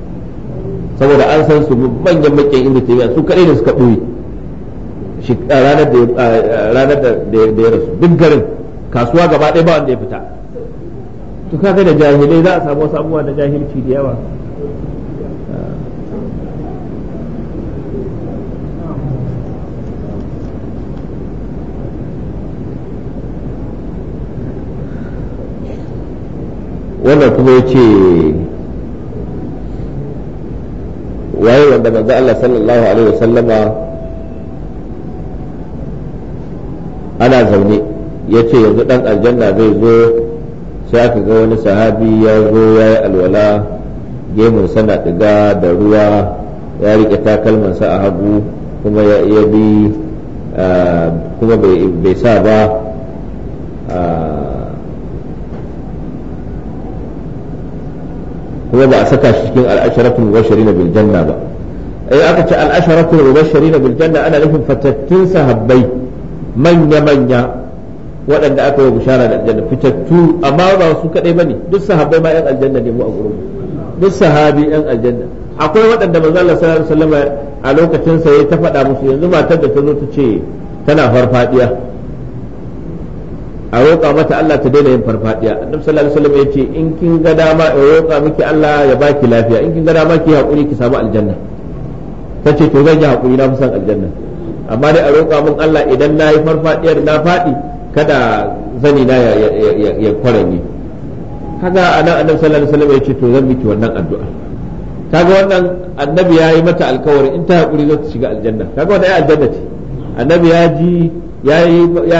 saboda an san su manyan makin inda yi su kaɗai da suka ɓoye ranar da ya rasu duk garin kasuwa gaba ɗaya ba wanda ya fita to kaga da jahilai za a samu wasu abubuwa da jahilci da yawa wannan kuma ya ce waye wanda manzo Allah sallallahu alaihi sallama ana zaune ya ce yanzu dan aljanna zai zo sai aka ga wani sahabi ya zo ya yi alwala gemun sana diga da ruwa ya riƙe takalmansa a hagu kuma ya bi ah, kuma bai sa ba ah, kuma ba a saka shi cikin al'asharatul mubashirin bil janna ba ai aka ce al'asharatul mubashirin bil janna ana nufin fatattun sahabbai manya manya waɗanda aka yi bishara da aljanna fitattu amma ba su kadai bane duk sahabbai ma yan aljanna ne mu a gurin duk sahabi yan aljanna akwai waɗanda manzo Allah sallallahu alaihi wasallam a lokacin sa ya ta faɗa musu yanzu matar da ta zo ta ce tana farfadiya a roƙa mata Allah ta daina yin farfadiya annabi sallallahu alaihi wasallam ya ce in kin ga dama a roƙa miki Allah ya baki lafiya in kin ga dama ki hakuri ki samu aljanna tace ce to zan yi hakuri na fi son aljanna amma dai a roƙa mun Allah idan na yi farfadiyar na fadi kada zani na ya kware ni. kaga anan annabi sallallahu alaihi wasallam ya ce to zan miki wannan addu'a kaga wannan annabi ya yi mata alƙawari in ta hakuri za ta shiga aljanna kaga wannan aljanna ce annabi ya ji ya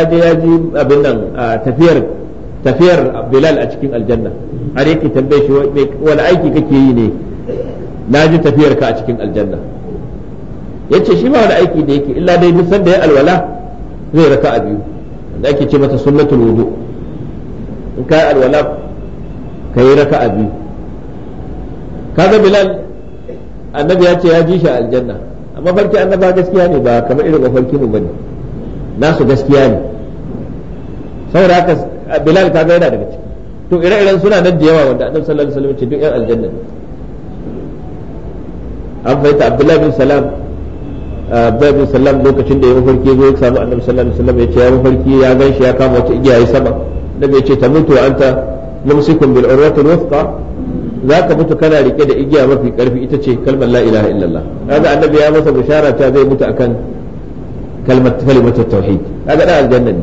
je ya ji abin nan tafiyar tafiyar Bilal a cikin aljanna har yake tambaye shi wani aiki kake yi ne na ji tafiyar ka a cikin aljanna ya ce shi ba wani aiki da yake illa dai nisan da ya alwala zai raka a biyu da ake ce mata sunnatul wudu in ka yi alwala ka yi raka a biyu kaga Bilal annabi ya ce ya ji shi a aljanna amma farki annaba gaskiya ne ba kamar irin mafarkin mu bane nasu gaskiya ne saboda haka bilal kaga yana daga ciki to ire-iren suna nan da yawa wanda annabi sallallahu alaihi wasallam ce duk yan aljanna ne an fahimta abdullahi bin salam abdullahi bin salam lokacin da ya mafarki zo ya samu annabi sallallahu alaihi wasallam ya ce ya mafarki ya gan shi ya kama wata igiya ya sama nabi ya ce ta mutu anta mumsikun bil urwatil wuthqa za ka mutu kana rike da igiya mafi karfi ita ce kalmar la ilaha illallah kaga annabi ya masa bishara ta zai mutu akan kalmat kalimatu tauhid kaga dan aljanna ne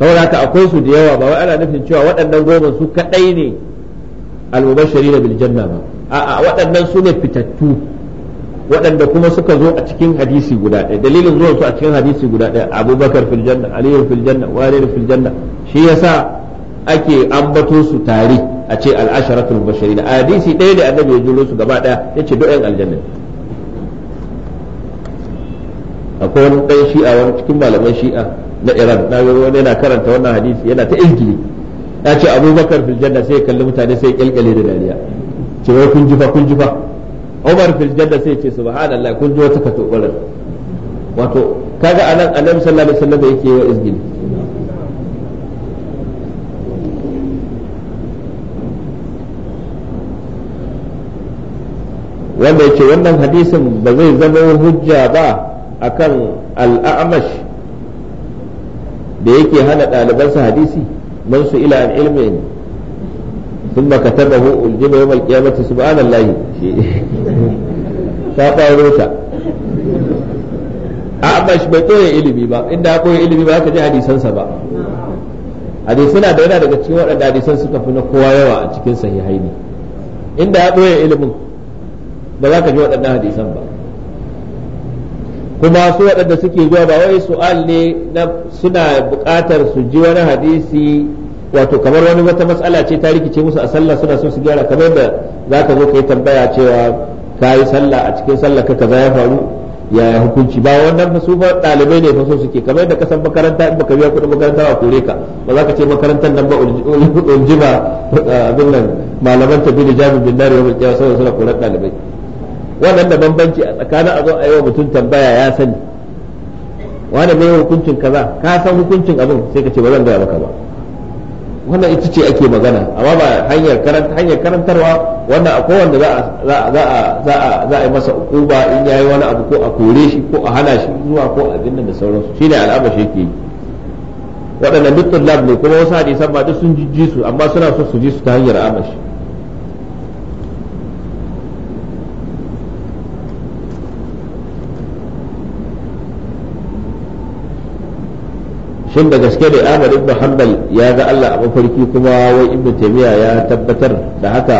saboda haka akwai su da yawa ba wai ana nufin cewa waɗannan goma su kadai ne almubashirin bil janna ba a'a waɗannan su ne fitattu waɗanda kuma suka zo a cikin hadisi guda ɗaya dalilin zuwan su a cikin hadisi guda ɗaya abubakar fil janna aliyu fil janna walid fil janna shi yasa ake ambato su tare a ce al-asharatul mubashirin hadisi ɗaya da annabi ya jiro su gaba ɗaya yace do'ayan aljanna akwai wani ɗan shi'a wani cikin malaman shi'a na Iran na ga wani yana karanta wannan hadisi yana ta ingili. ya ce Abubakar fil janna sai kalli mutane sai ya kyalkyale da dariya ce wai kun jifa kun jifa Umar fil janna sai ce subhanallah kun ji wata katobarar wato kaga anan Annabi sallallahu alaihi wasallam yake wa izgili wanda ya wannan hadisin ba zai zama hujja ba akan al'amash da yake hana ɗalibansa hadisi man su ila an ilmin sun makatar da hu uljima yau mai kiyamata su ba'an lahi ta ɓaro ta a'amash bai ɓoye ilimi ba inda ya ɓoye ilimi ba ka ji hadisansa ba hadisuna da yana daga cikin waɗanda hadisan suka fi na kowa yawa a cikin sahihaini inda ya ɓoye ilimin ba za ka ji waɗannan hadisan ba kuma su waɗanda suke zuwa ba wai su'al ne suna buƙatar su ji wani hadisi wato kamar wani wata matsala ce ta rikice musu a sallah suna son su gyara kamar da za ka zo ka yi tambaya cewa ka yi sallah a cikin sallah ka kaza ya faru ya hukunci ba wannan su ba ɗalibai ne fa so suke kamar da kasan makaranta in baka biya kuɗin makaranta ba kore ka ba za ka ce makarantar nan ba uljiba abin nan malaman tabi da jami'in bin nari wa bin saboda suna koran ɗalibai wannan da bambanci a tsakanin a zo a yi wa mutum tambaya ya sani wani mai hukuncin kaza ka san hukuncin abin sai ka ce ba zan gaya maka ba wannan ita ce ake magana amma ba hanyar karanta hanyar karantarwa wannan a kowanne za a za a za a za a yi masa hukuma in yayi wani abu ko a kore shi ko a hana shi zuwa ko abin nan da sauransu shine shi yake yi waɗannan duk tullab ne kuma wasu hadisan ba duk sun jijji su amma suna so su ji su ta hanyar amashi shin da gaske da Ahmad ibn Hanbal ya ga Allah a mafarki kuma wai Ibn Taymiyyah ya tabbatar da haka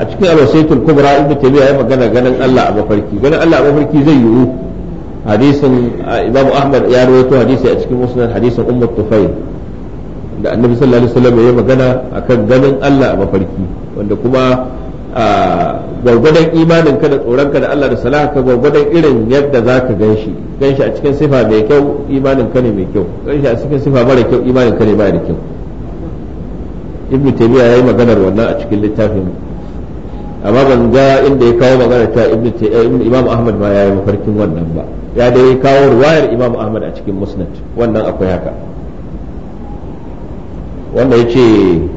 a cikin al-Wasaitul Kubra Ibn Taymiyyah ya magana ganin Allah a mafarki ganin Allah a mafarki zai yiwu hadisin Imam Ahmad ya rawaito hadisi a cikin musnad hadisin Umm Tufayl da Annabi sallallahu alaihi wasallam ya magana akan ganin Allah a mafarki wanda kuma gwargwadon imanin ka da tsoron ka da Allah da ka gwargwadon irin yadda za ka gan shi gan shi a cikin sifa mai kyau imanin ka ne mai kyau gan shi a cikin sifa mara kyau imanin ka ne ba da kyau ibnu taymiya yayi maganar wannan a cikin littafin amma ban ga inda ya kawo magana ta eh, ibnu imam ahmad ma yayi mafarkin wannan ba ya da ya kawo ruwayar imam ahmad a cikin musnad wannan akwai haka wanda yace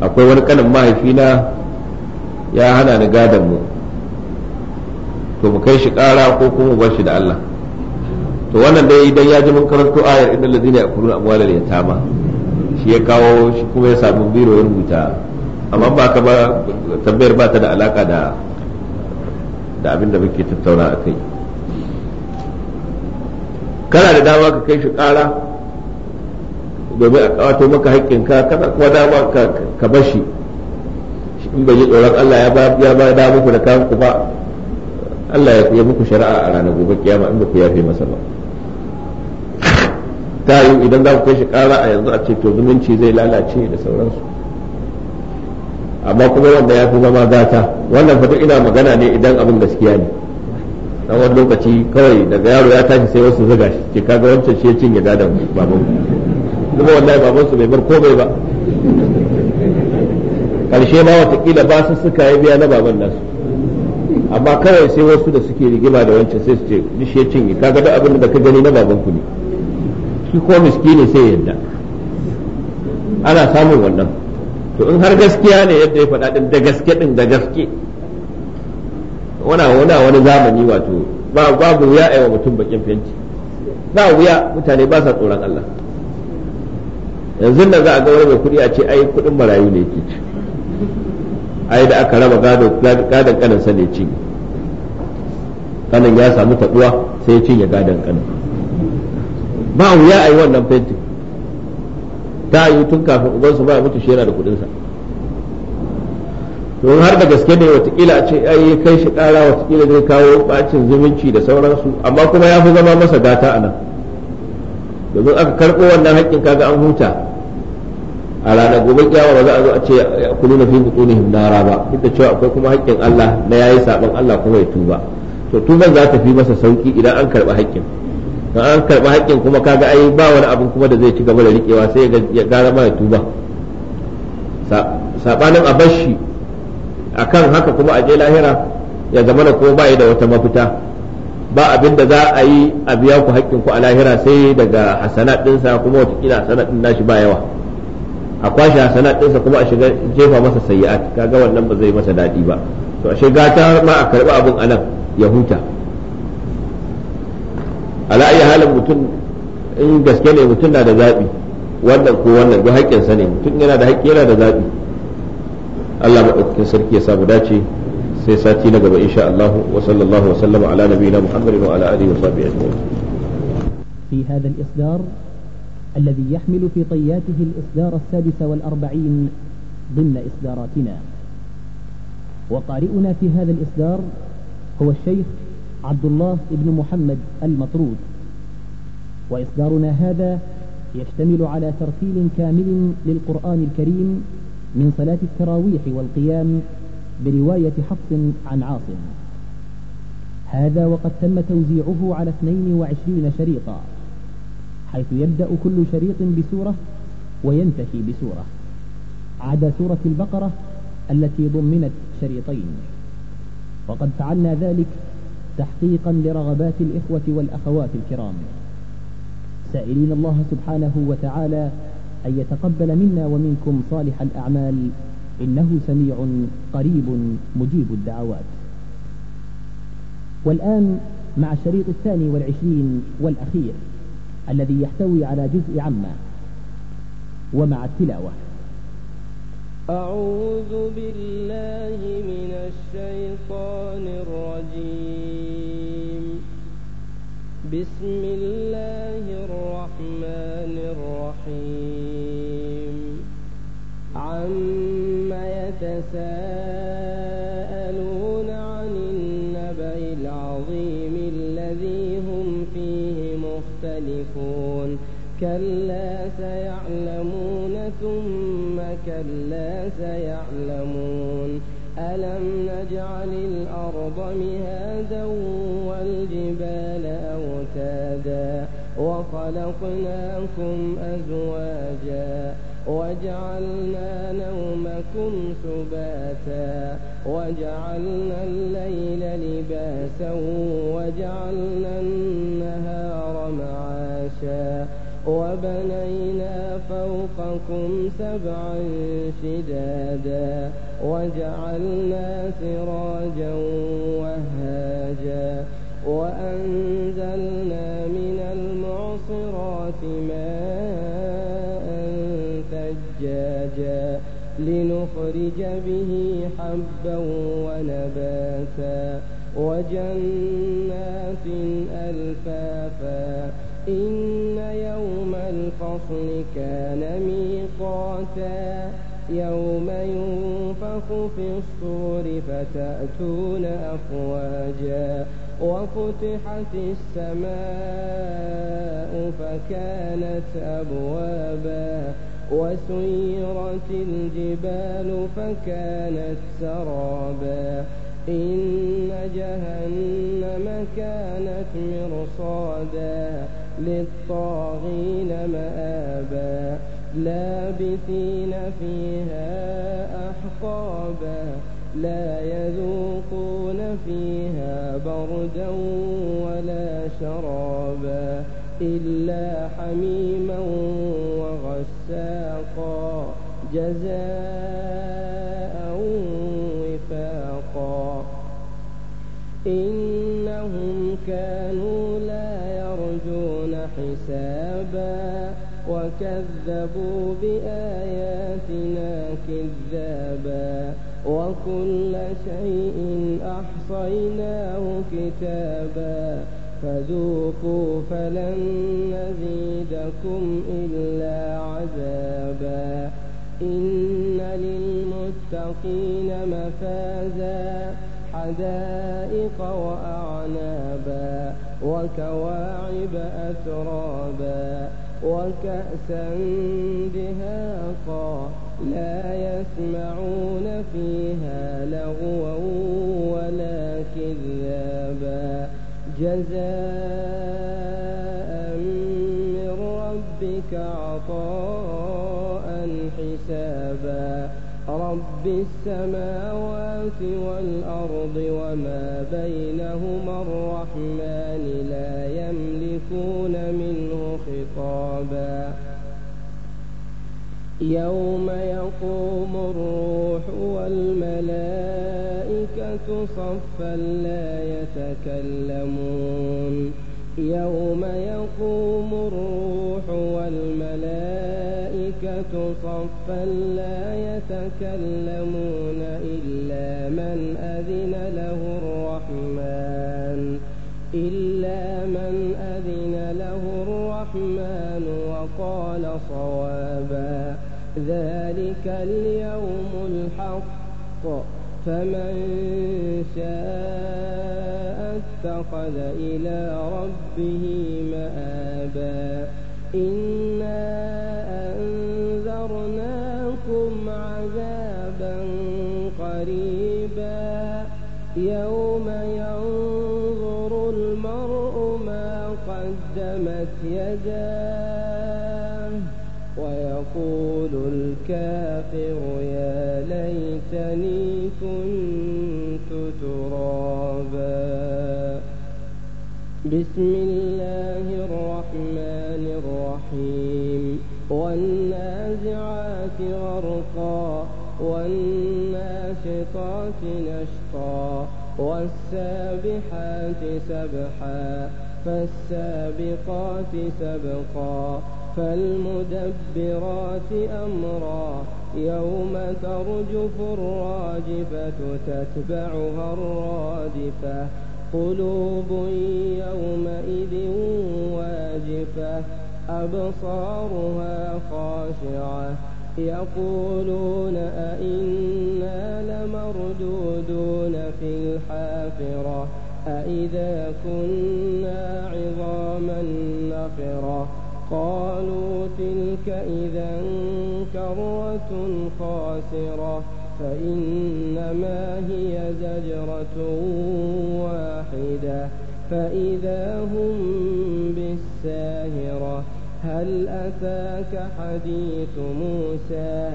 akwai wani kanin mahaifina ya hana ni gadon mu to mu kai shi kara ko kuma bar shi da Allah to wannan dai idan ya ji mun karanto ayar innal ladina yakuluna amwalal yatama shi ya kawo shi kuma ya samu biro ya rubuta amma ba ka ba tambayar ba ta da alaka da da abin da muke tattauna a kai kana da dama ka kai shi kara domin a kawato maka haƙƙinka kana kuma dama ka. ka bar shi in bai ji tsoron Allah ya ba da muku da kanku ba Allah ya yi muku shari'a a ranar gobe kiyama in ba ku yafe masa ba ta yi idan za ku kai shi kara a yanzu a ce to zumunci zai lalace da sauransu amma kuma wanda ya fi zama gata wannan fata ina magana ne idan abin gaskiya ne dan wani lokaci kawai daga yaro ya tashi sai wasu zuga shi ce kaga wancan shi ya cinye dadan baban kuma wallahi baban su bai bar komai ba karshe ma watakila ba su suka yi biya na baban nasu amma kawai sai wasu da suke rigima da wancan sai su ce dishi cinye ka duk abin da ka gani na baban ku ne shi ko miskini sai yadda ana samun wannan to in har gaskiya ne yadda ya faɗa din da gaske din da gaske wana wana wani zamani wato babu wuya a wa mutum bakin fenti ba wuya mutane ba sa tsoron Allah yanzu nan za a ga wani mai kuɗi a ce ai kuɗin marayu ne yake ci ai da aka raba gado gadon kanin sa ne ci kanin ya samu tabuwa sai ya cinye gadon kanin ba wuya a yi wannan fenti ta yi tun kafin ubansu ba ya mutu shi yana da kudinsa don har da gaske ne watakila a ce ai kai shi kara watakila zai kawo bacin zumunci da sauransu amma kuma ya fi zama masa gata a nan domin aka karɓo wannan haƙƙin kaga an huta a ranar gobe kiyama ba za a zo a ce ya kulu na fi butunihim nara ba duk da cewa akwai kuma haƙƙin Allah na yayi saɓon Allah kuma ya tuba to tuban za ta fi masa sauki idan an karɓi haƙƙin in an karɓi haƙƙin kuma kaga ai ba wani abin kuma da zai ci gaba da riƙewa sai ya gara ma ya tuba saɓanin a bashi akan haka kuma a je lahira ya zama na kuma ba yi da wata mafita ba abin da za a yi a biya ku haƙƙin ku a lahira sai daga hasanat ɗinsa kuma wata kila hasanat ɗin nashi ba yawa a kwashe hasanat ɗinsa kuma a shiga jefa masa sayyi'at kaga wannan ba zai masa daɗi ba to a ashe gata ma a karɓi abin anan ya huta ala ayi halin mutum in gaske ne mutum na da zaɓi wannan ko wannan duk haƙƙinsa ne mutum yana da haƙƙi yana da zaɓi Allah maɗaukakin sarki ya samu dace sai sati na gaba insha Allah wa sallallahu wa sallama ala nabiyina Muhammadin wa ala alihi wa sahbihi ajma'in fi hadha al الذي يحمل في طياته الإصدار السادس والأربعين ضمن إصداراتنا وقارئنا في هذا الإصدار هو الشيخ عبد الله بن محمد المطرود وإصدارنا هذا يشتمل على ترتيل كامل للقرآن الكريم من صلاة التراويح والقيام برواية حفص عن عاصم هذا وقد تم توزيعه على 22 شريطا حيث يبدأ كل شريط بسورة وينتهي بسورة عدا سورة البقرة التي ضمنت شريطين وقد فعلنا ذلك تحقيقا لرغبات الإخوة والأخوات الكرام سائلين الله سبحانه وتعالى أن يتقبل منا ومنكم صالح الأعمال إنه سميع قريب مجيب الدعوات والآن مع الشريط الثاني والعشرين والأخير الذي يحتوي على جزء عما ومع التلاوة أعوذ بالله من الشيطان الرجيم بسم الله الرحمن الرحيم عما يتساءلون عن النبأ العظيم الذي هم مختلفون كلا سيعلمون ثم كلا سيعلمون ألم نجعل الأرض مهادا والجبال أوتادا وخلقناكم أزواجا وجعلنا نومكم سباتا وجعلنا الليل لباسا وجعلنا النهار عرشا وبنينا فوقكم سبعا شدادا وجعلنا سراجا وهاجا وأنزلنا من المعصرات ماء ثجاجا لنخرج به حبا ونباتا وجنات ألفافا إن يوم الفصل كان ميقاتا يوم ينفخ في الصور فتأتون أفواجا وفتحت السماء فكانت أبوابا وسيرت الجبال فكانت سرابا إن جهنم كانت مرصادا للطاغين مآبا لابثين فيها أحقابا لا يذوقون فيها بردا ولا شرابا إلا حميما وغساقا جزاء وفاقا إنهم كانوا وكذبوا بآياتنا كذابا وكل شيء أحصيناه كتابا فذوقوا فلن نزيدكم إلا عذابا إن للمتقين مفازا حدائق وأعنابا وكواعب أترابا وكأسا دهاقا لا يسمعون فيها لغوا ولا كذابا جزاء من ربك عطاء حسابا رب السماوات والأرض وما بينهما الرحمن لا يملكون منه عقبا يوم يقوم الروح والملائكة صفا لا يتكلمون يوم يقوم الروح والملائكة صفا لا يتكلمون إلا من أذن له الرحمن إلا من أذن له الرحمن قال صوابا ذلك اليوم الحق فمن شاء اتخذ إلى ربه مآبا إنا أنذرناكم عذابا قريبا يوم ينظر المرء ما قدمت يداه ويقول الكافر يا ليتني كنت ترابا بسم الله الرحمن الرحيم والنازعات غرقا والناشطات نشطا والسابحات سبحا فالسابقات سبقا فالمدبرات أمرا يوم ترجف الراجفة تتبعها الرادفة قلوب يومئذ واجفة أبصارها خاشعة يقولون أئنا لمردودون في الحافرة أئذا كنا عظاما نخرة قالوا تلك إذا كرة خاسرة فإنما هي زجرة واحدة فإذا هم بالساهرة هل أتاك حديث موسى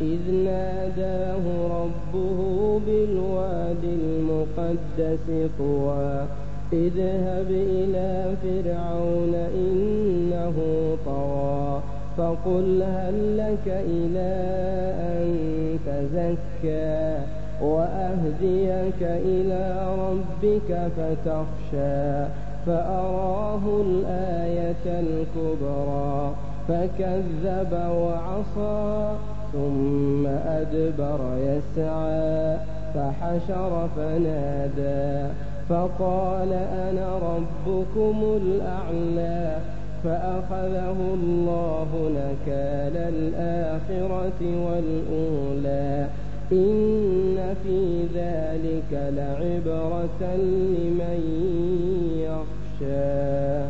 إذ ناداه ربه بالواد المقدس طوى اذهب إلى فرعون إنه طغى فقل هل لك إلى أن تزكى وأهديك إلى ربك فتخشى فأراه الآية الكبرى فكذب وعصى ثم أدبر يسعى فحشر فنادى فقال أنا ربكم الأعلى فأخذه الله نكال الآخرة والأولى إن في ذلك لعبرة لمن يخشى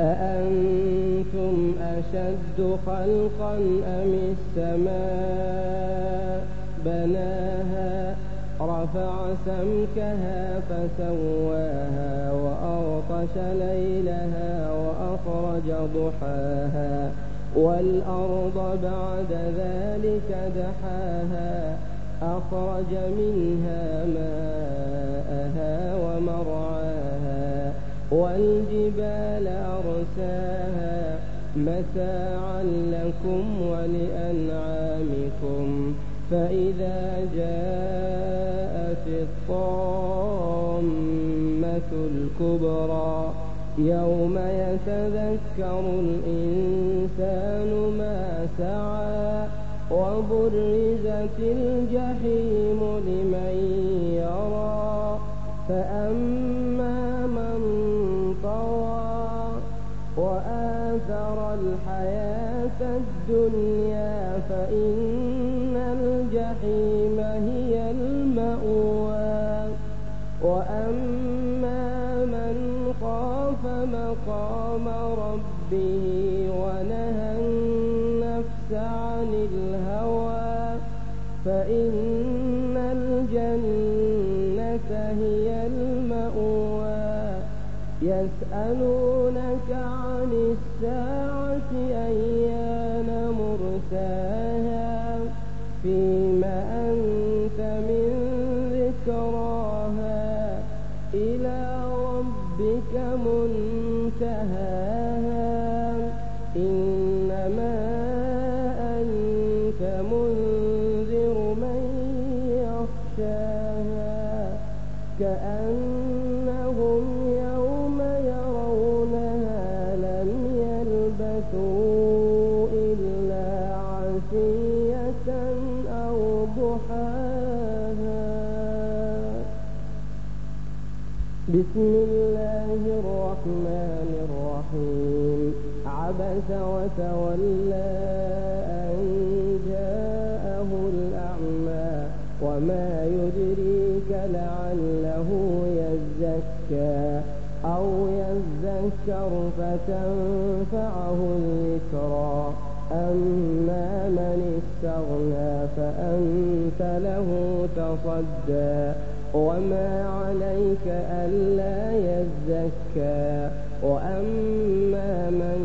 أأنتم أشد خلقا أم السماء بناها رفع سمكها فسواها وأغطش ليلها وأخرج ضحاها والأرض بعد ذلك دحاها أخرج منها ماءها ومرعاها والجبال أرساها متاعا لكم ولأنعامكم فإذا جاءت الطامة الكبرى يوم يتذكر الإنسان ما سعى وبرزت الجحيم لمن يرى فأما من طغى وآثر الحياة الدنيا حرم ربه ونهى النفس عن الهوى فإن الجنة هي المأوى يسألونك عن الساعة بسم الله الرحمن الرحيم عبس وتولى أن جاءه الأعمى وما يدريك لعله يزكى أو يذكر فتنفعه الذكرى أما من استغنى فأنت له تصدى وما عليك ألا يزكى وأما من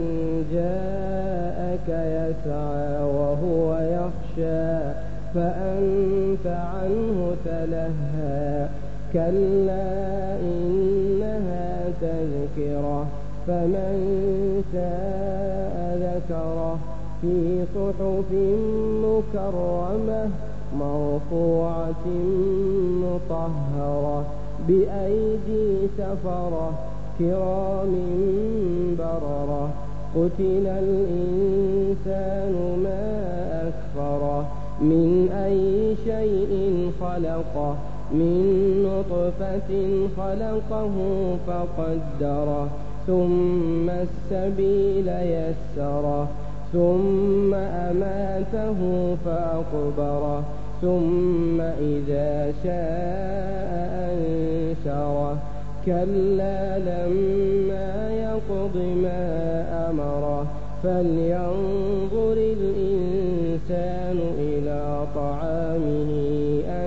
جاءك يسعى وهو يخشى فأنت عنه تلهى كلا إنها تذكرة فمن شاء ذكره في صحف مكرمه مرفوعة مطهرة بأيدي سفرة كرام بررة قتل الإنسان ما أكفره من أي شيء خلقه من نطفة خلقه فقدره ثم السبيل يسره ثم أماته فأقبره ثم إذا شاء أنشره كلا لما يقض ما أمره فلينظر الإنسان إلى طعامه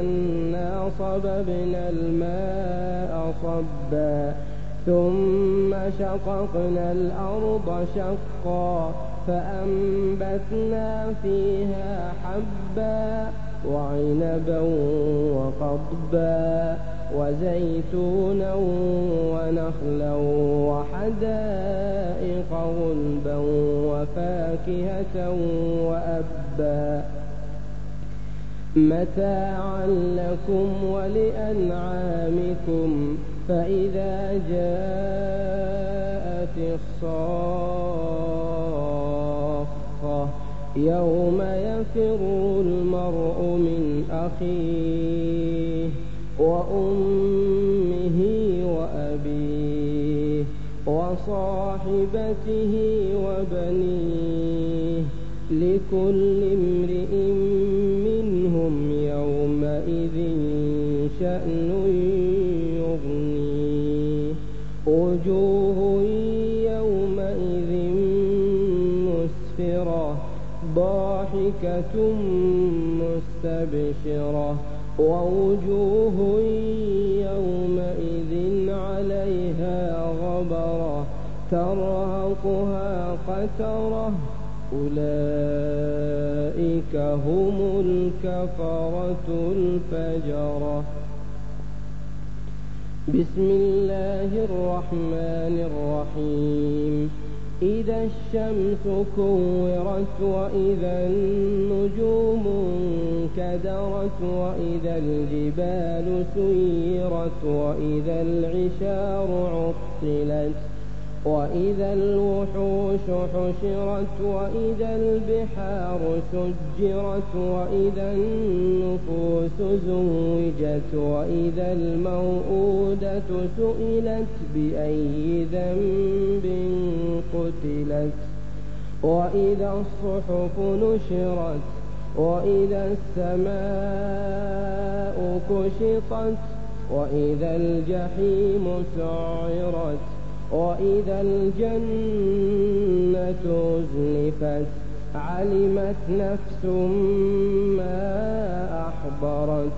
أنا صببنا الماء صبا ثم شققنا الأرض شقا فأنبتنا فيها حبا وعنبا وقضبا وزيتونا ونخلا وحدائق غلبا وفاكهة وأبا متاعا لكم ولأنعامكم فإذا جاءت الصاخة يوم يفر أخيه وأمه وأبيه وصاحبته وبنيه لكل امرئ منهم يومئذ شأن يغنيه وجوه يومئذ مسفرة ضاحكة مستبشرة ووجوه يومئذ عليها غبرة ترهقها قترة أولئك هم الكفرة الفجرة بسم الله الرحمن الرحيم إذا الشمس كورت وإذا النجوم كدرت وإذا الجبال سيرت وإذا العشار عطلت وإذا الوحوش حشرت وإذا البحار سجرت وإذا النفوس زوجت وإذا الموءودة سئلت بأي ذنب قتلت وإذا الصحف نشرت وإذا السماء كشطت وإذا الجحيم سعرت وإذا الجنة أزلفت علمت نفس ما أحضرت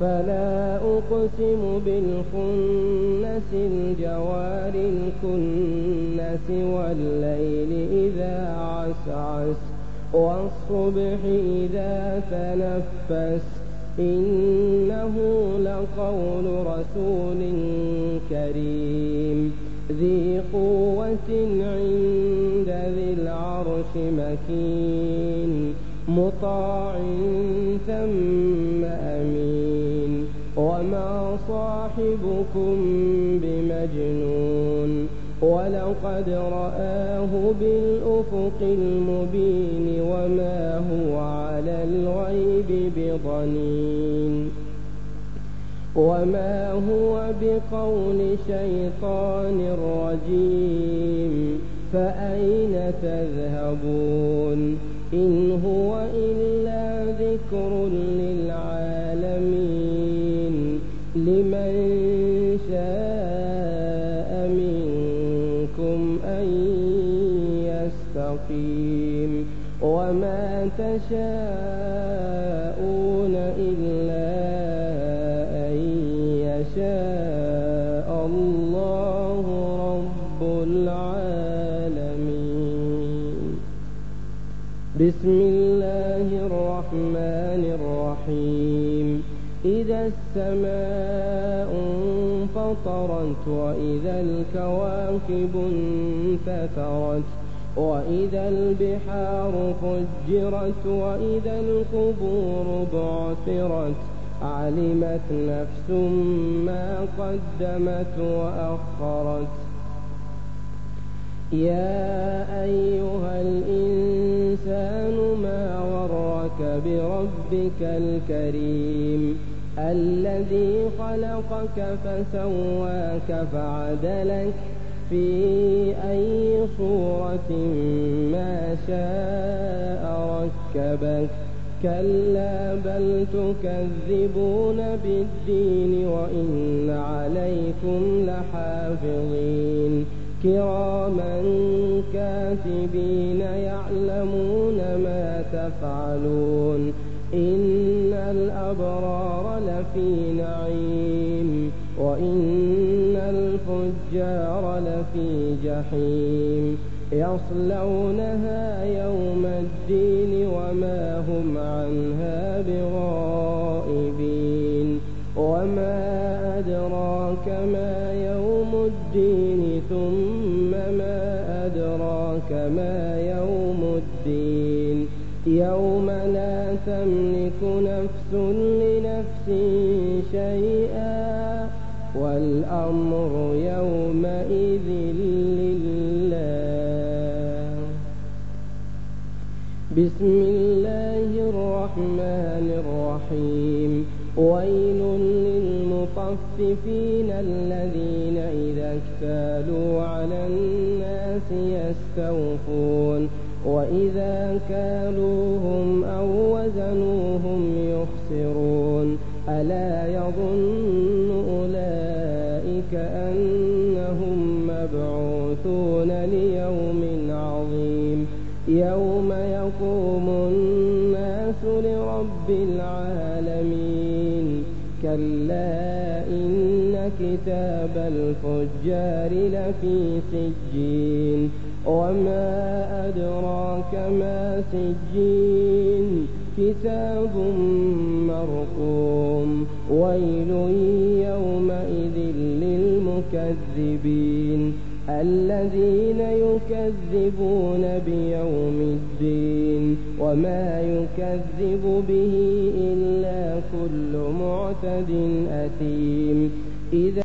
فلا أقسم بالخنس الجوار الكنس والليل إذا عسعس والصبح إذا تنفس إنه لقول رسول كريم ذي قوة عند ذي العرش مكين مطاع ثم أمين وما صاحبكم بمجنون ولقد رآه بالأفق المبين وما هو على الغيب بضنين وما هو بقول شيطان رجيم فأين تذهبون إن هو إلا ذكر للعالمين لمن شاء منكم أن يستقيم وما تشاءون بسم الله الرحمن الرحيم إذا السماء انفطرت وإذا الكواكب انتثرت وإذا البحار فجرت وإذا القبور بعثرت علمت نفس ما قدمت وأخرت يا أيها الإنسان ما غرك بربك الكريم الذي خلقك فسواك فعدلك في أي صورة ما شاء ركبك كلا بل تكذبون بالدين وإن عليكم لحافظين كراما كاتبين يعلمون ما تفعلون إن الأبرار لفي نعيم وإن الفجار لفي جحيم يصلونها يوم الدين وما هم عنها بغائبين وما أدراك ما يوم الدين وما يوم الدين يوم لا تملك نفس لنفس شيئا والأمر يومئذ لله بسم الله الرحمن الرحيم ويل للمطففين الذين كانوا على الناس يستوفون وإذا كالوهم أو وزنوهم يخسرون ألا يظن أولئك أنهم مبعوثون ليوم عظيم يوم يقوم الناس لرب العالمين كلا إن كتاب الفجار لفي سجين وما أدراك ما سجين كتاب مرقوم ويل يومئذ للمكذبين الذين يكذبون بيوم الدين وما يكذب به إلا كل معتد أثيم إذا